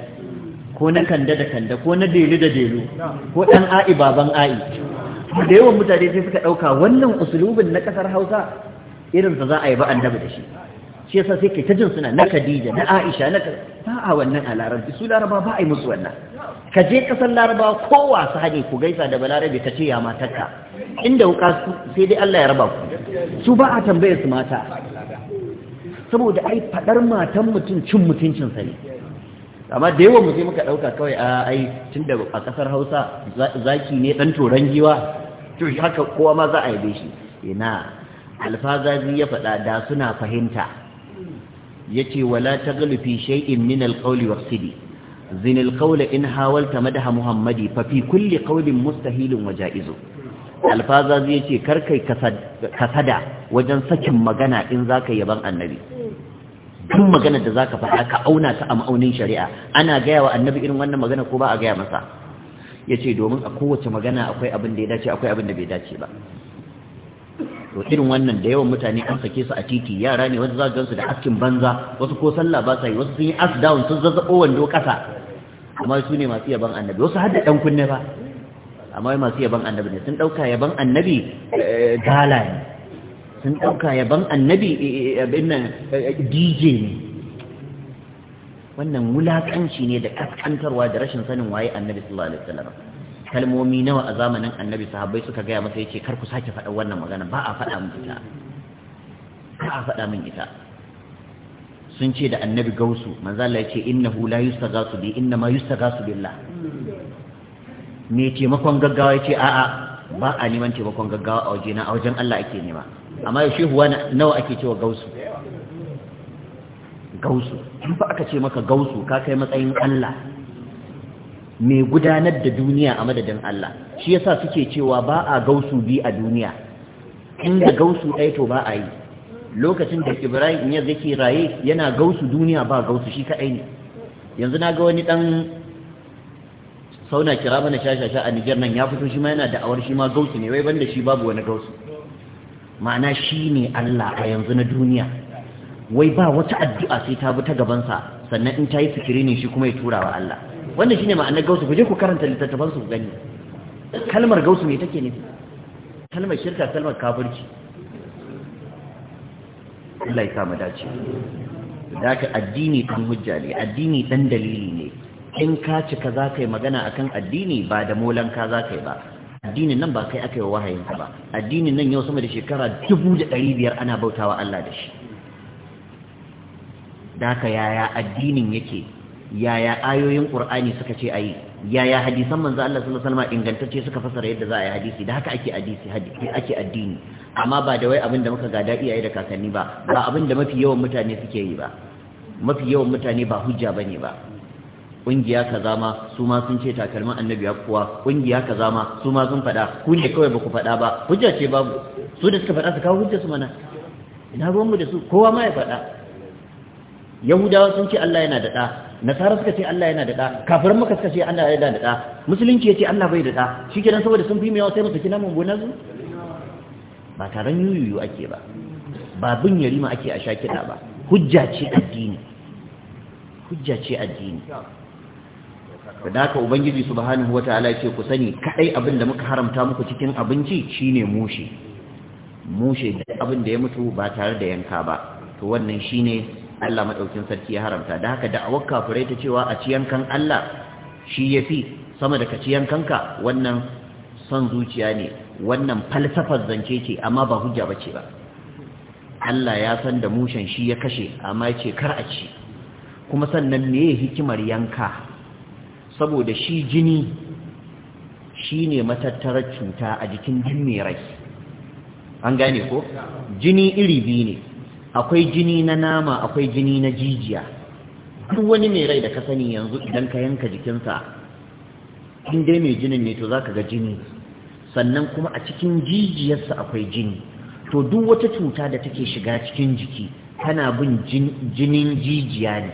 ko na kanda da kanda ko na delu da delu ko ɗan a'i baban a'i da yawan mutane sai suka ɗauka wannan usulubin na ƙasar hausa irinsa za a yi ba annabi da shi shi yasa sai kai ta jin suna na Khadija na Aisha na ba a wannan a larabci su laraba ba a yi musu wannan ka je kasar laraba ko wasa ne ku gaisa da balarabe ka ce ya matarka inda wuka sai dai Allah ya raba ku su ba a tambaye su mata saboda ai fadar matan mutum cin mutuncin ne amma da yawan mu sai muka dauka kawai a ai tunda a kasar Hausa zaki ne dan toran giwa to haka kowa ma za a yi shi ina alfazazi ya faɗa da suna fahimta yace wala taghlu fi shay'in min alqawli waqsidi zin alqawla in hawalta madaha muhammadi fa fi kulli qawlin mustahilun wa ja'izu alfaza zai yace karkai kasada wajen sakin magana in zaka yaban annabi duk magana da zaka faɗa ka auna ta a ma'aunin shari'a ana gaya wa annabi irin wannan magana ko ba a gaya masa yace domin a kowace magana akwai abin da ya dace akwai abin da bai dace ba to irin wannan da yawan mutane an sake su a titi yara ne wasu za su da askin banza wasu ko sallah ba sa yi wasu sun yi ask down sun zazzaɓo wando ƙasa amma su ne masu yaban annabi wasu har da dan kunne ba amma masu yaban annabi ne sun ɗauka yaban annabi eh, gala ne sun ɗauka yaban annabi eh, abin eh, dj ne wannan wulaƙanci ne da ƙasƙantarwa da rashin sanin waye annabi sallallahu alaihi wasallam kalmomi nawa a zamanin annabi sahabbai suka gaya masa yace kar ku sake faɗa wannan magana ba a faɗa min ita ba a faɗa min ita sun ce da annabi gausu manzo Allah yace innahu la yustagasu bi inna ma yustagasu billah me taimakon gaggawa yace a'a ba a neman taimakon gaggawa a waje na a wajen Allah ake nema amma yaushe huwa nawa ake cewa gausu gausu in fa aka ce maka gausu ka kai matsayin Allah mai gudanar da duniya a madadin Allah shi yasa suke cewa ba a gausu bi a duniya inda gausu ɗaya to ba a yi lokacin da Ibrahim ya zake raye yana gausu duniya ba gausu shi kaɗai ne yanzu na ga wani ɗan sauna kira mana shashasha a Nijar nan ya fito shi ma yana da'awar shi ma gausu ne wai banda shi babu wani gausu ma'ana shi ne Allah a yanzu na duniya wai ba wata addu'a sai ta bi ta gabansa sannan in ta yi sikirini shi kuma ya tura wa Allah wannan shine ma'anar gausu ku je ku karanta littattafan su gani kalmar gausu ne take nufi kalmar shirka kalmar kafirci Allah ya kama dace da ka addini dan hujja addini dan dalili ne in ka cika za ka yi magana akan addini ba da ka za ka yi ba addinin nan ba kai aka yi wahayin ka ba addinin nan yau sama da shekara dubu da ɗari biyar ana bautawa Allah da shi da ka yaya addinin yake yaya ayoyin qur'ani suka ce ayi yaya hadisan manzo Allah sallallahu alaihi wasallam ingantacce suka fasara yadda za a yi hadisi da haka ake hadisi hadisi ake addini amma ba da wai abin da muka gada iyaye da kakanni ba ba abin da mafi yawan mutane suke yi ba mafi yawan mutane ba hujja bane ba ƙungiya kaza ma su ma sun ce takalmin annabi ya kuwa ƙungiya kaza ma su ma sun faɗa ku ne kawai ba ku faɗa ba hujja ce babu su da suka faɗa su kawo hujja su mana ina ruwanmu da su kowa ma ya faɗa yahudawa sun ce Allah yana da ɗa nasara suka ce Allah yana da ɗa kafirin maka suka ce Allah yana da ɗa musulunci ya ce Allah bai da ɗa shi kenan saboda sun fi mai yawa sai musu kina mummuna zu ba taron yuyuyu ake ba ba bin yarima ake a sha kiɗa ba hujja ce addini hujja ce addini da haka ubangiji subhanahu wa ta'ala ce ku sani kadai abin da muka haramta muku cikin abinci shine mushe mushe da abin da ya mutu ba tare da yanka ba to wannan shine Allah maɗaukin sarki ya haramta da haka da'awar kafirai ta cewa a ciyan kan Allah shi ya fi sama da ka ciyan kanka wannan son zuciya ne wannan falsafar zance ce amma ba hujja ba ce ba Allah ya san da mushen shi ya kashe amma ya ce kar a ci kuma sannan me hikimar yanka saboda shi jini shi ne matattarar cuta a jikin jin mai rai an gane ko jini iri biyu ne akwai jini na nama akwai jini na jijiya duk wani mai rai da ka sani yanzu idan ka yanka jikinsa in dai mai jinin ne to za ka ga jini sannan kuma a cikin jijiyarsa akwai jini to duk wata cuta da take shiga cikin jiki kana bin jinin jijiya ne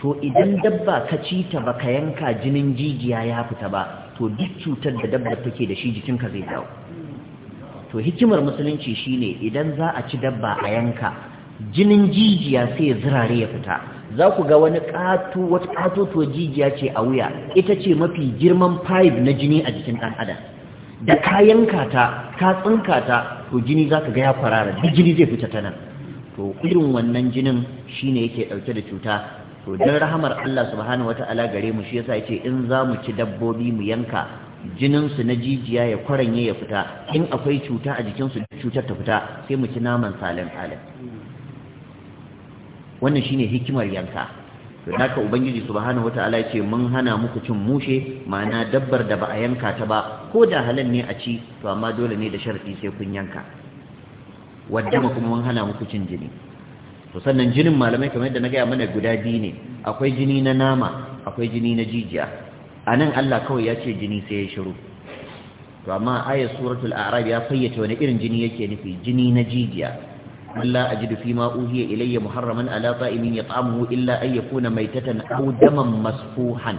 to idan dabba ka ci ta ba ka yanka jinin jijiya ya fita ba to duk cutar da dabba take da shi jikinka zai dawo to hikimar musulunci shine idan za a ci dabba a yanka jinin jijiya sai zirare ya fita za ku ga wani ƙato wata to jijiya ce a wuya ita ce mafi girman five na jini a jikin ɗan adam da ka yanka ta ka tsinka ta to jini za ka ga ya kwarara duk jini zai fita ta nan to irin wannan jinin shine yake ɗauke da cuta to don rahamar Allah subhanahu wata'ala gare mu shi yasa yace in za mu ci dabbobi mu yanka jininsu na jijiya ya kwaranye ya fita in akwai cuta a jikinsu cutar ta fita sai mu ci naman salin alin wannan shine hikimar yanka to haka ubangiji subhanahu wataala ya ce mun hana muku cin mushe ma'ana dabbar da ba a yanka ta ba ko da halin ne a ci to amma dole ne da sharadi sai kun yanka wadda kuma mun hana muku cin jini to sannan jinin malamai kamar yadda na gaya mana guda biyu ne akwai jini na nama akwai jini na jijiya a nan Allah kawai ya ce jini sai ya shiru to amma ayat suratul a'rab ya fayyace wani irin jini yake nufi jini na jijiya Allah ajidu fi ma uhiya ilayya muharraman ala ta'imin yat'amuhu illa an yakuna maitatan aw daman masfuhan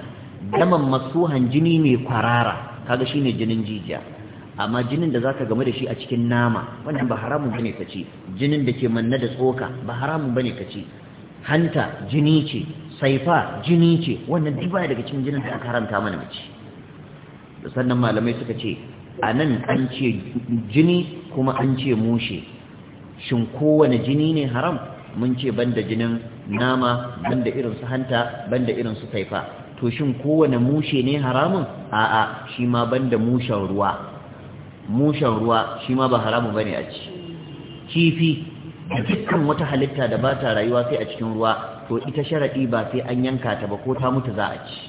daman masfuhan jini ne kwarara kaga shine jinin jijiya amma jinin da zaka game da shi a cikin nama wannan ba haramun bane ka ci jinin da ke manne da tsoka ba haramun bane ka ci hanta jini ce saifa jini ce wannan duk baya daga cikin jinin da aka haramta mana mace da sannan malamai suka ce a nan an ce jini kuma an ce mushe shin kowane jini ne haram mun ce banda jinin nama banda irin su hanta banda irin su saifa to shin kowane mushe ne haramun a'a shi ma banda mushen ruwa mushen ruwa shi ma ba haramun bane a ci kifi da dukkan wata halitta da ba ta rayuwa sai a cikin ruwa to ita sharaɗi ba sai an yanka ta ba ko ta mutu za a ci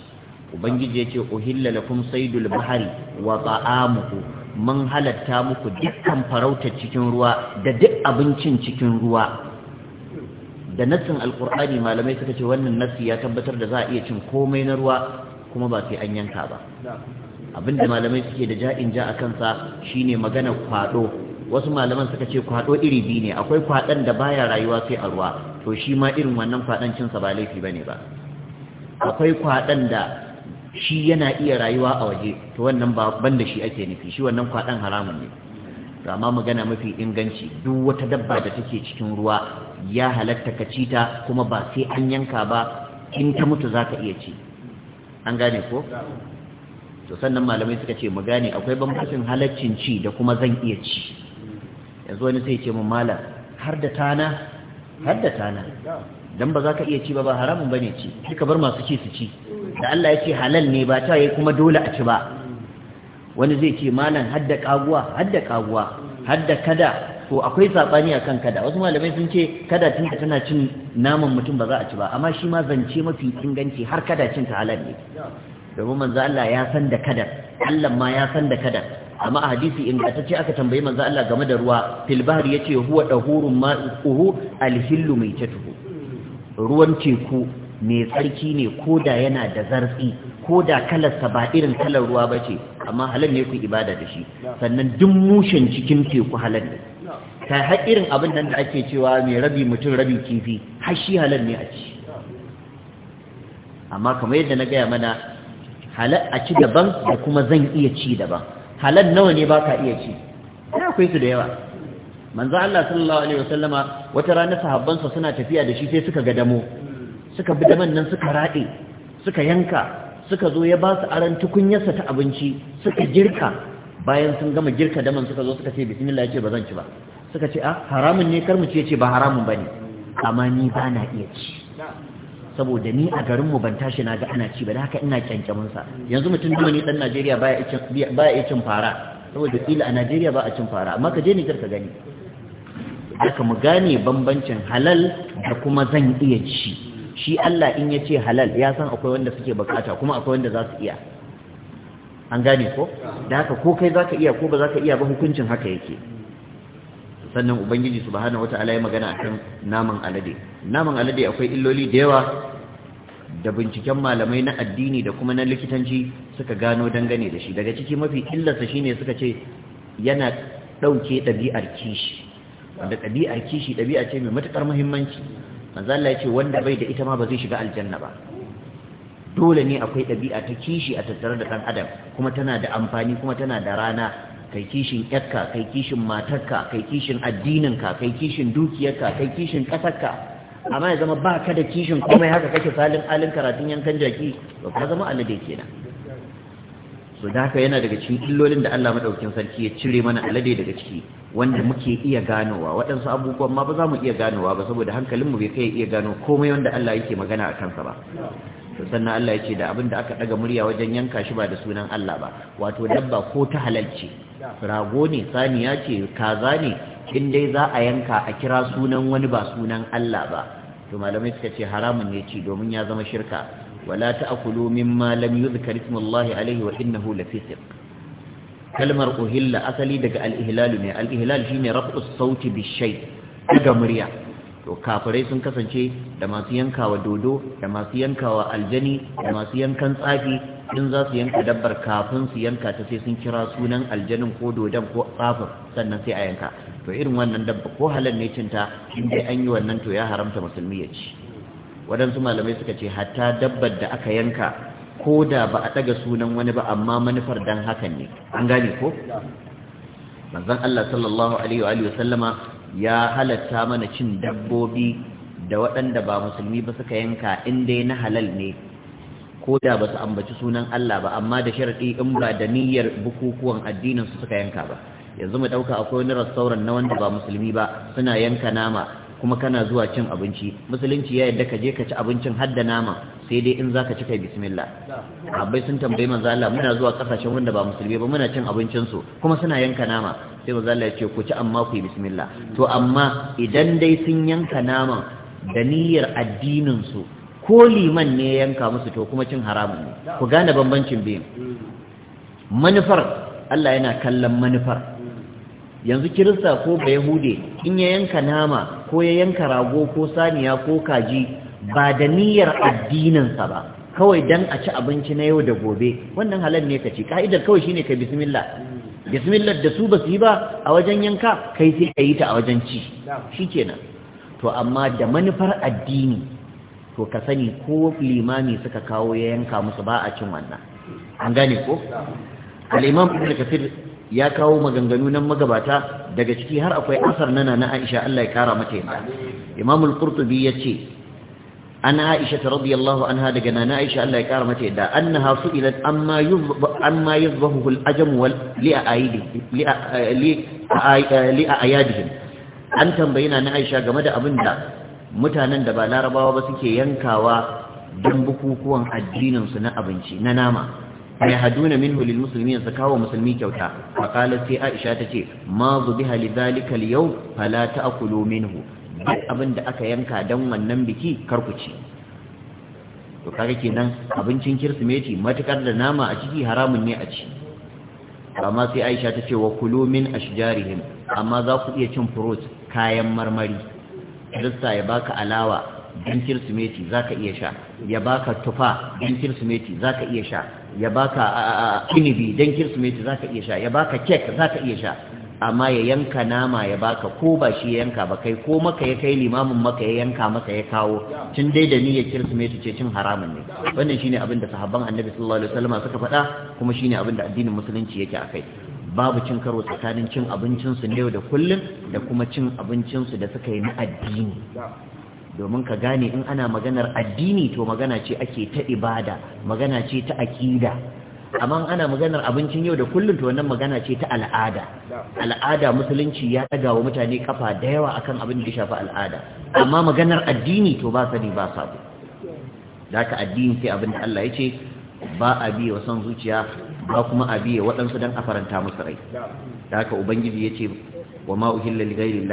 ubangiji ya ce uhilla lakum saydul bahari wa ta'amuhu mun halatta muku dukkan farauta cikin ruwa da duk abincin cikin ruwa da nassin alqur'ani malamai suka ce wannan nassi ya tabbatar da za a iya cin komai na ruwa kuma ba sai an yanka ba abinda malamai suke da ja'in ja a kansa shine magana kwado wasu malaman suka ce kwado iri biyu ne akwai kwadon da baya rayuwa sai a ruwa to shi ma irin wannan kwadon cin sa ba laifi bane ba akwai kwadon da shi yana iya rayuwa a waje to wannan ba banda shi ake nufi shi wannan kwadon haramun ne to amma magana mafi inganci duk wata dabba da take cikin ruwa ya halatta ka ci ta kuma ba sai an yanka ba in ta mutu zaka iya ci an gane ko to sannan malamai suka ce mu gane akwai bambancin halaccin ci da kuma zan iya ci yanzu wani sai ce mun malam har da tana har da tana dan ba za ka iya ci ba ba haramun bane ci duka bar masu ci su ci da Allah ya ce halal ne ba ta yi kuma dole a ci ba wani zai ce malam har da kaguwa har da kaguwa har da kada to akwai sabani akan kada wasu malamai sun ce kada tun da tana cin naman mutum ba za a ci ba amma shi ma zance mafi inganci har kada cin ta halal ne domin manzo Allah ya san da kada, Allah ma ya san da kada. amma a hadisi ingantacce aka tambayi manzo Allah game da ruwa fil bahri yace huwa dahurun ma'uhu alhillu mai tatuhu ruwan teku mai tsarki ne koda yana da zarfi koda kalarsa ba irin kalar ruwa bace amma halal ne ku ibada da shi sannan duk mushin cikin teku halal ne kai har irin abin nan da ake cewa mai rabi mutum rabi kifi har shi halal ne a ci amma kamar yadda na gaya mana halal a ci daban da kuma zan iya ci daban halal nawa ne ba ka iya ci ina akwai su da yawa manzo Allah sallallahu alaihi wasallama wata rana sahabbansa suna tafiya da shi sai suka ga damo suka bi daman nan suka rade suka yanka suka zo ya ba su aran tukunyarsa ta abinci suka girka bayan sun gama girka daman suka zo suka ce bismillah yace ba ci ba suka ce a ah, haramun ne kar mu ce ce ba haramun bane amma ni ba iya ci saboda ni a garin mu ban tashi na ga ana ci ba da haka ina kyankyamin sa yanzu mutum duk ne dan Najeriya baya cin baya cin fara saboda kila a Najeriya ba a cin fara amma ka je ni ka gani haka mu gane bambancin halal da kuma zan iya ci shi Allah in ya ce halal ya san akwai wanda suke bukata kuma akwai wanda za su iya an gane ko da haka ko kai za ka iya ko ba za ka iya ba hukuncin haka yake sannan ubangiji subhanahu wataala ya magana akan naman alade naman alade akwai illoli da yawa da binciken malamai na addini da kuma na likitanci suka gano dangane da shi daga ciki mafi illarsa shine suka ce yana dauke ɗabi'ar kishi wanda ɗabi'ar kishi ɗabi'a ce mai matukar muhimmanci Allah ya ce wanda bai da ita ma ba zai shiga aljanna ba dole ne akwai ɗabi'a ta kishi a tattare da dan adam kuma tana da amfani kuma tana da rana kai kishin ƴarka kai kishin matarka kai kishin addininka kai kishin dukiyarka kai kishin ƙasarka amma ya zama ba ka da kishin komai haka kake salin alin karatun yankan jaki ba ka zama alade kenan so da haka yana daga cikin illolin da Allah madaukin sarki ya cire mana alade daga ciki wanda muke iya ganowa waɗansu abubuwan ma ba za mu iya ganowa ba saboda hankalin mu bai kai iya gano komai wanda Allah yake magana a kansa ba to sannan Allah ya ce da abin da aka ɗaga murya wajen yanka shi ba da sunan Allah ba wato dabba ko ta halalce rago ne saniya ce kaza ne in dai za a yanka a kira sunan wani ba sunan Allah ba to malamai suka ce haramun ne ci domin ya zama shirka wala ta'kulu mimma lam yuzkar ismullahi alaihi wa innahu lafisq kalmar uhilla asali daga al-ihlal ne al-ihlal shine raf'u sauti bi-shay daga murya to kafirai sun kasance da masu yankawa dodo da masu yankawa aljani da masu yankan tsafi in za su yanka dabbar kafin su yanka ta sai sun kira sunan aljanin ko dodon ko tsafin sannan sai a yanka to irin wannan dabba ko halal ne cinta in dai an yi wannan to ya haramta musulmi ya ci waɗansu malamai suka ce hatta dabbar da aka yanka ko da ba a ɗaga sunan wani ba amma manufar dan hakan ne an gane ko manzon Allah sallallahu alaihi wa sallama ya halatta mana cin dabbobi da waɗanda ba musulmi ba suka yanka in dai na halal ne ko da ba su ambaci sunan Allah ba amma da sharaɗi in ba da niyyar bukukuwan addinin su suka yanka ba yanzu mu ɗauka akwai wani rastauran na wanda ba musulmi ba suna yanka nama kuma kana zuwa cin abinci musulunci ya yadda ka je ka ci abincin hadda nama sai dai in zaka ci kai bismillah abai sun tambayi manzo Allah muna zuwa kasashen wanda ba musulmi ba muna cin abincin su kuma suna yanka nama sai manzo Allah ya ce ku ci amma ku yi bismillah to amma idan dai sun yanka nama da niyyar addinin su ko liman ne ya yanka musu to kuma cin haramun ne ku gane bambancin biyun manufar Allah yana kallon manufar yanzu kirista ko ba yahude in ya yanka nama ko ya yanka rago ko saniya ko kaji ba da niyyar addininsa ba kawai dan a ci abinci na yau da gobe wannan halal ne ka ci ka'idar kawai shine ka bismillah bismillah da su ba su yi ba a wajen yanka kai sai ka yi ta a wajen ci Shi kenan to amma da manufar addini to ka sani ko limami suka kawo ya yanka musu ba a cin wannan an gane ko al ibn kafir ya kawo maganganu nan magabata daga ciki har akwai asar nana na Aisha Allah ya kara mata yadda Imam al-Qurtubi yace an aisha ta radiyallahu anha daga nana aisha Allah ya kara mata yadda annaha su'ilat amma yuzba an yuzbahu al-ajam wal li a li an tambayi nana aisha game da abin da. mutanen da ba larabawa ba suke yankawa don bukukuwan addininsu na abinci na nama ya haduna minhu lil musulmi su kawo musulmi kyauta fa sai aisha ta ce ma zubiha lidhalika al-yawm fala min minhu duk abin da aka yanka don wannan biki kar karkuci to kaga kenan abincin kirsimeti matukar da nama a ciki haramun ne a ci amma sai aisha ta ce wa kulu min ashjarihim amma za ku iya cin fruit kayan marmari kirista ya baka alawa don kirsimeti za ka iya sha ya baka tufa don kirsimeti za ka iya sha ya baka inibi don kirsimeti za ka iya sha ya baka kek za ka iya sha amma ya yanka nama ya baka ko ba shi ya yanka ba kai ko maka ya kai limamin maka ya yanka maka ya kawo tun dai da niyyar kirsimeti ce cin haramun ne wannan shine abin da sahabban annabi sallallahu alaihi wasallam suka faɗa kuma shine abin da addinin musulunci yake a kai. babu cin karo tsakanin cin abincin su yau da kullun da kuma cin abincin su da suka yi na addini domin ka gane in ana maganar addini to magana ce ake ta ibada magana ce ta aƙida amma ana maganar abincin yau da kullum to wannan magana ce ta al'ada al'ada musulunci ya daga wa mutane kafa da yawa akan abin da ya shafi al'ada amma maganar addini to ba sani ba sabo da ka addini sai abin da Allah ya ce ba a biye wa son zuciya ba kuma a biye waɗansu don a faranta musu rai da ubangiji ya ce wa ma'uhilla ghairi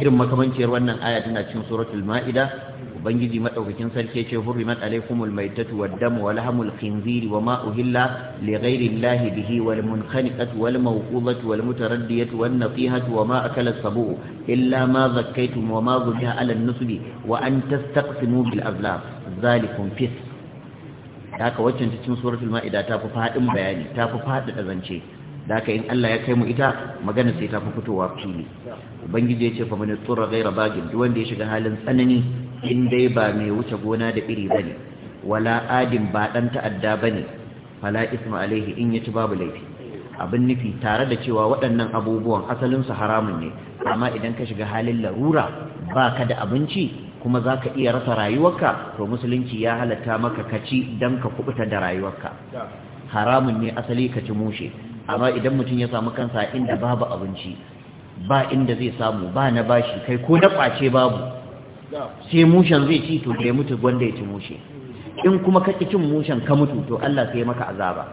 irin makamanciyar wannan aya tana cikin suratul ma'ida ubangiji madaukakin sarki ce hurrimat alaikumul maitatu wad damu wal hamul khinziri wama uhilla li ghairi llahi bihi wal munkhaniqatu wal mawqudatu wal mutaraddiyatu wan nasihatu wama akala sabu illa ma zakkaytum wama dhubiha ala an-nusbi wa an tastaqsimu bil azlam zalikum fis haka waccan cikin suratul ma'ida ta fi fadin bayani ta fi fadada zance da haka in Allah ya kai mu ita magana sai ta fi fitowa fili ubangiji ya ce fa man tsura ghaira bagin duk wanda ya shiga halin tsanani in dai ba mai wuce gona da iri bane wala adin ba dan ta'adda bane fala isma alaihi in yaci babu laifi abin nufi tare da cewa waɗannan abubuwan asalin su haramun ne amma idan ka shiga halin larura ba ka da abinci kuma za ka iya rasa rayuwarka to musulunci ya halatta maka ka ci don ka kubuta da rayuwarka haramun ne asali ka ci mushe amma idan mutum ya samu kansa inda babu abinci ba inda zai samu ba na bashi kai ko na kwace babu sai mushen zai ci to da ya mutu gwanda ya ci mushe in kuma ka cin mushen ka mutu to Allah sai maka azaba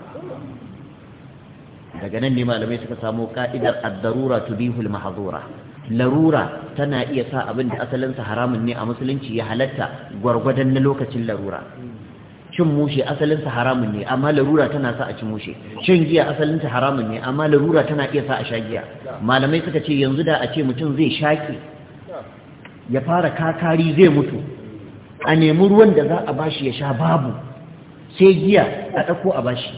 daga nan ne malamai suka samo ka'idar ad-darura tubihul mahdura larura tana iya sa abin da asalinsa haramun ne a musulunci ya halatta gwargwadon na lokacin larura cin mushe asalinsa haramun ne amma larura tana sa a ci mushe shan giya asalinsa haramun ne amma larura tana iya sa a sha giya malamai suka ce yanzu da a ce mutum zai shaki ya fara kakari zai mutu a nemi ruwan da za a bashi ya sha babu sai giya a ɗako a bashi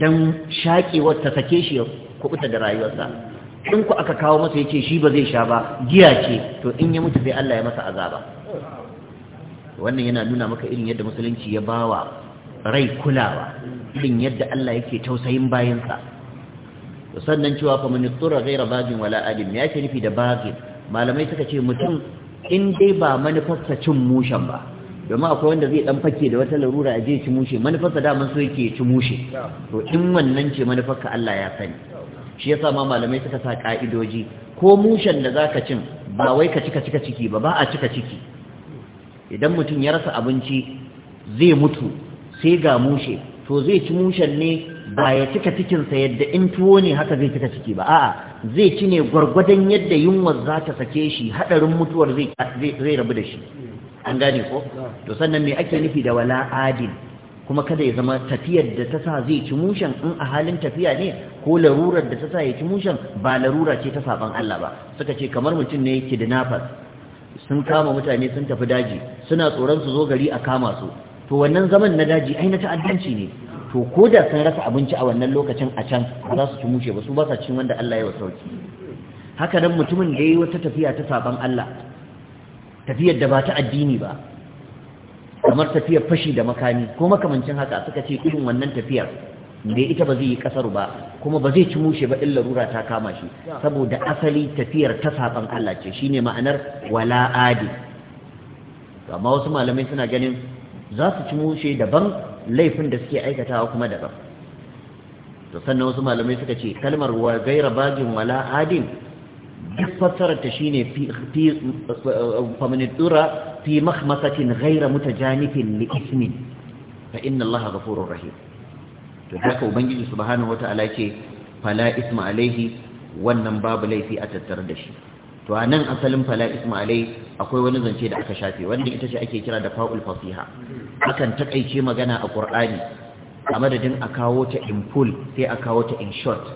don shaƙewar ta sake shi ya kubuta da rayuwarsa in ku aka kawo masa ya ce shi ba zai sha ba giya ce to in ya mutu sai Allah ya masa azaba wannan yana nuna maka irin yadda musulunci ya bawa rai kulawa irin yadda Allah yake tausayin bayansa sannan cewa fa man tsura ghayra bagin wala adim ya ke nufi da bagin malamai suka ce mutum in dai ba manufarsa cin mushen ba domin akwai wanda zai dan fake da wata larura aje ci mushe manufarsa daman so yake ci mushe to in wannan ce manufarka Allah ya sani shi yasa ma malamai suka sa ka'idoji ko mushen da zaka cin ba wai ka cika cika ciki ba ba a cika ciki idan mutum ya rasa abinci zai mutu sai ga mushe to zai ci mushen ne ba ya cika cikinsa yadda in tuwo ne haka zai cika ciki ba a'a zai ci ne gwargwadon yadda yunwar za ta sake shi hadarin mutuwar zai rabu da shi an gane ko to sannan me ake nufi da wala adil kuma kada ya zama tafiyar da ta sa zai ci mushen in a halin tafiya ne ko larurar da ta sa ya ci mushen ba larura ce ta saban Allah ba suka ce kamar mutum ne yake da nafas sun kama mutane sun tafi daji suna tsoron su zo gari a kama su to wannan zaman na daji ai na ta'addanci ne to ko da sun rasa abinci a wannan lokacin a can ba za su ci mushe ba su ba sa cin wanda Allah ya wa sauki haka nan mutumin da yayi wata tafiya ta saban Allah tafiyar da ba ta addini ba kamar tafiyar fashi da makami ko makamancin haka suka ce irin wannan tafiyar da ita ba zai yi kasar ba kuma ba zai ci mushe ba illa rura ta kama shi saboda asali tafiyar ta saban Allah ce shine ma'anar wala adi amma wasu malamai suna ganin za su ci mushe daban laifin da suke aikatawa kuma daban to sannan wasu malamai suka ce kalmar wa gaira bagin wala adin duk fassarar ta shine fi faminidura fi makhmasatin gaira mutajanifin li ismin fa inna allaha ghafurur rahim to haka ubangiji subhanahu wataala ce fala isma alaihi wannan babu laifi a tattare da shi to a nan asalin fala isma alai akwai wani zance da aka shafe wanda ita ce ake kira da fa'ul fasiha akan takaice magana a qur'ani a madadin a kawo ta in full sai a kawo ta in short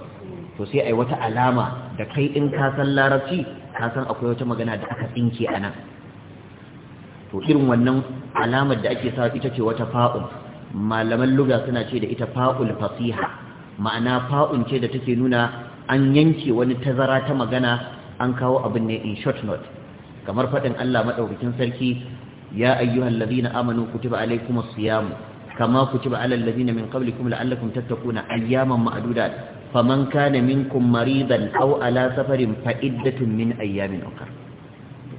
to sai ai wata alama da kai in ka san larabci ka san akwai wata magana da aka tsinke a nan to irin wannan alamar da ake sa ita ce wata fa'ul malaman lugha suna ce da ita fa'ul fasiha ma'ana fa'un ce da take nuna an yanke wani tazara ta magana an kawo abin ne in short note kamar faɗin Allah maɗaukakin sarki ya ayyuhal ladina amanu kutiba alaikumus siyamu kama kutiba alal ladina min qablikum la'allakum tattaquna ayyaman ma'dudat faman kana minkum maridan aw ala safarin fa iddatun min ayyamin ukhra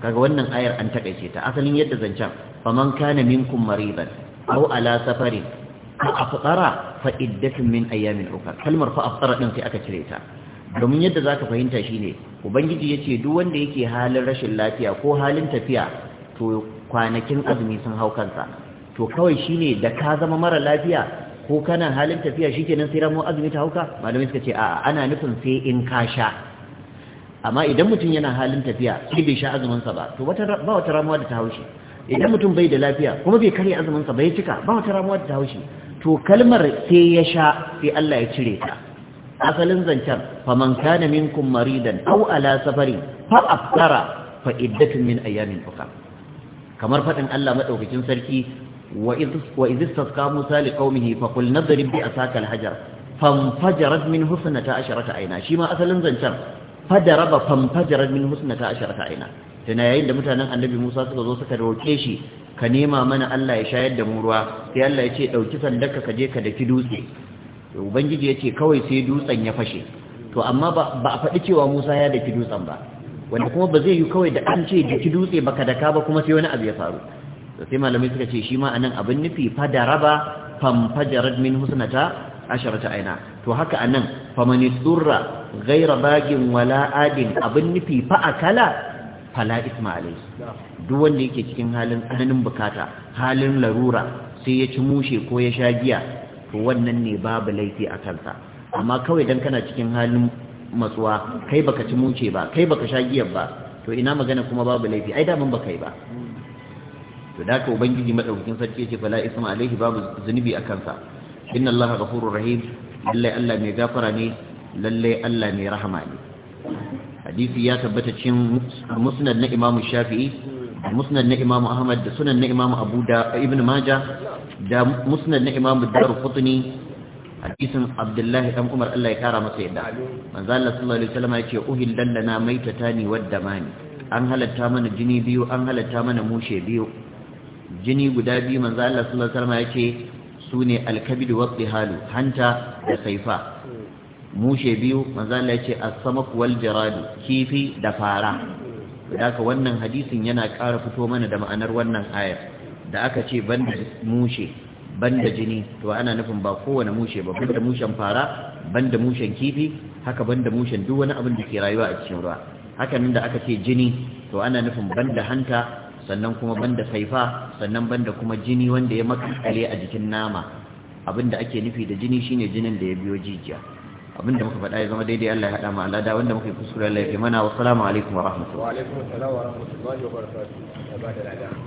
kaga wannan ayar an takaice ta asalin yadda zancan faman kana minkum maridan aw ala safarin afqara fa iddatun min ayyamin ukhra kalmar fa afqara din sai aka cire ta domin yadda zaka fahimta shine ubangiji ya ce duk wanda yake halin rashin lafiya ko halin tafiya to kwanakin azumi sun hau kansa to kawai shine da ka zama mara lafiya ko kana halin tafiya shi kenan sai ramu azumi ta hauka malamai suka ce a'a ana nufin sai in ka sha amma idan mutum yana halin tafiya sai bai sha azumin sa ba to ba wata ramuwa da ta haushi idan mutum bai da lafiya kuma bai karya azumin sa bai cika ba wata ramuwa da ta haushi to kalmar sai ya sha sai Allah ya cire ta asalin zancen faman kana minkum maridan aw ala safari fa aftara fa iddatun min ayamin ukhra kamar fadin Allah madaukakin sarki wa idh istasqa Musa liqaumihi fa qul nadrib bi asaka alhajar fanfajarat min husnata asharata aina shi ma asalin zancen fadaraba fanfajarat min husnata asharata aina tana yayin da mutanen annabi Musa suka zo suka roke shi ka nema mana Allah ya shayar da mu ruwa sai Allah ya ce dauki sandarka ka je ka daki dutse to ya ce kawai sai dutsen ya fashe to amma ba a faɗi cewa Musa ya daki dutsen ba wanda kuma ba zai yi kawai da an ce daki dutse baka daka ba kuma sai wani abu ya faru to sai malamai suka ce shi ma anan abin nufi fadaraba famfajarat min husnata asharata aina to haka anan famani surra ghaira bagin wala adin abin nufi fa a kala, fala isma duk wanda yake cikin halin tsananin bukata halin larura sai ya ci mushe ko ya sha giya to wannan ne babu laifi a kansa amma kawai dan kana cikin halin matsuwa kai baka ci muce ba kai baka sha giyar ba to ina magana kuma babu laifi ai daman baka yi ba to da ka ubangiji madaukakin sarki yace fala isma alaihi babu zunubi a kansa inna allaha ghafurur rahim lalle Allah mai gafara ne lalle Allah mai rahama ne hadisi ya tabbata cikin musnad na imamu shafi'i musnad na imamu ahmad da sunan na imamu abu da ibn majah da musnad na Imam imamu daru kutuni hadisin abdullahi ɗan umar allah ya kara masa yadda manzo allah sallallahu alaihi wasallam ya ce uhin maitata uhillan wadda ma waddamani an halatta mana jini biyu an halatta mana mushe biyu jini guda biyu manzo allah sallallahu alaihi wasallam ya ce su ne alkabid wa dhihalu hanta da saifa mushe biyu manzo allah ya ce as-samak wal jaradu kifi da fara da wannan hadisin yana ƙara fito mana da ma'anar wannan ayar da aka ce banda mushe banda jini to ana nufin ba kowane mushe ba banda mushen fara banda mushen kifi haka banda mushen duk wani abin da ke rayuwa a cikin ruwa haka nan da aka ce jini to ana nufin banda hanta sannan kuma banda saifa sannan banda kuma jini wanda ya makale a jikin nama abin da ake nufi da jini shine jinin da ya biyo jijiya abin da muka faɗa ya zama daidai Allah ya haɗa mu alada wanda muka yi kuskure Allah ya mana wa salamu alaikum wa rahmatullahi wa alaikum assalam wa rahmatullahi wa barakatuh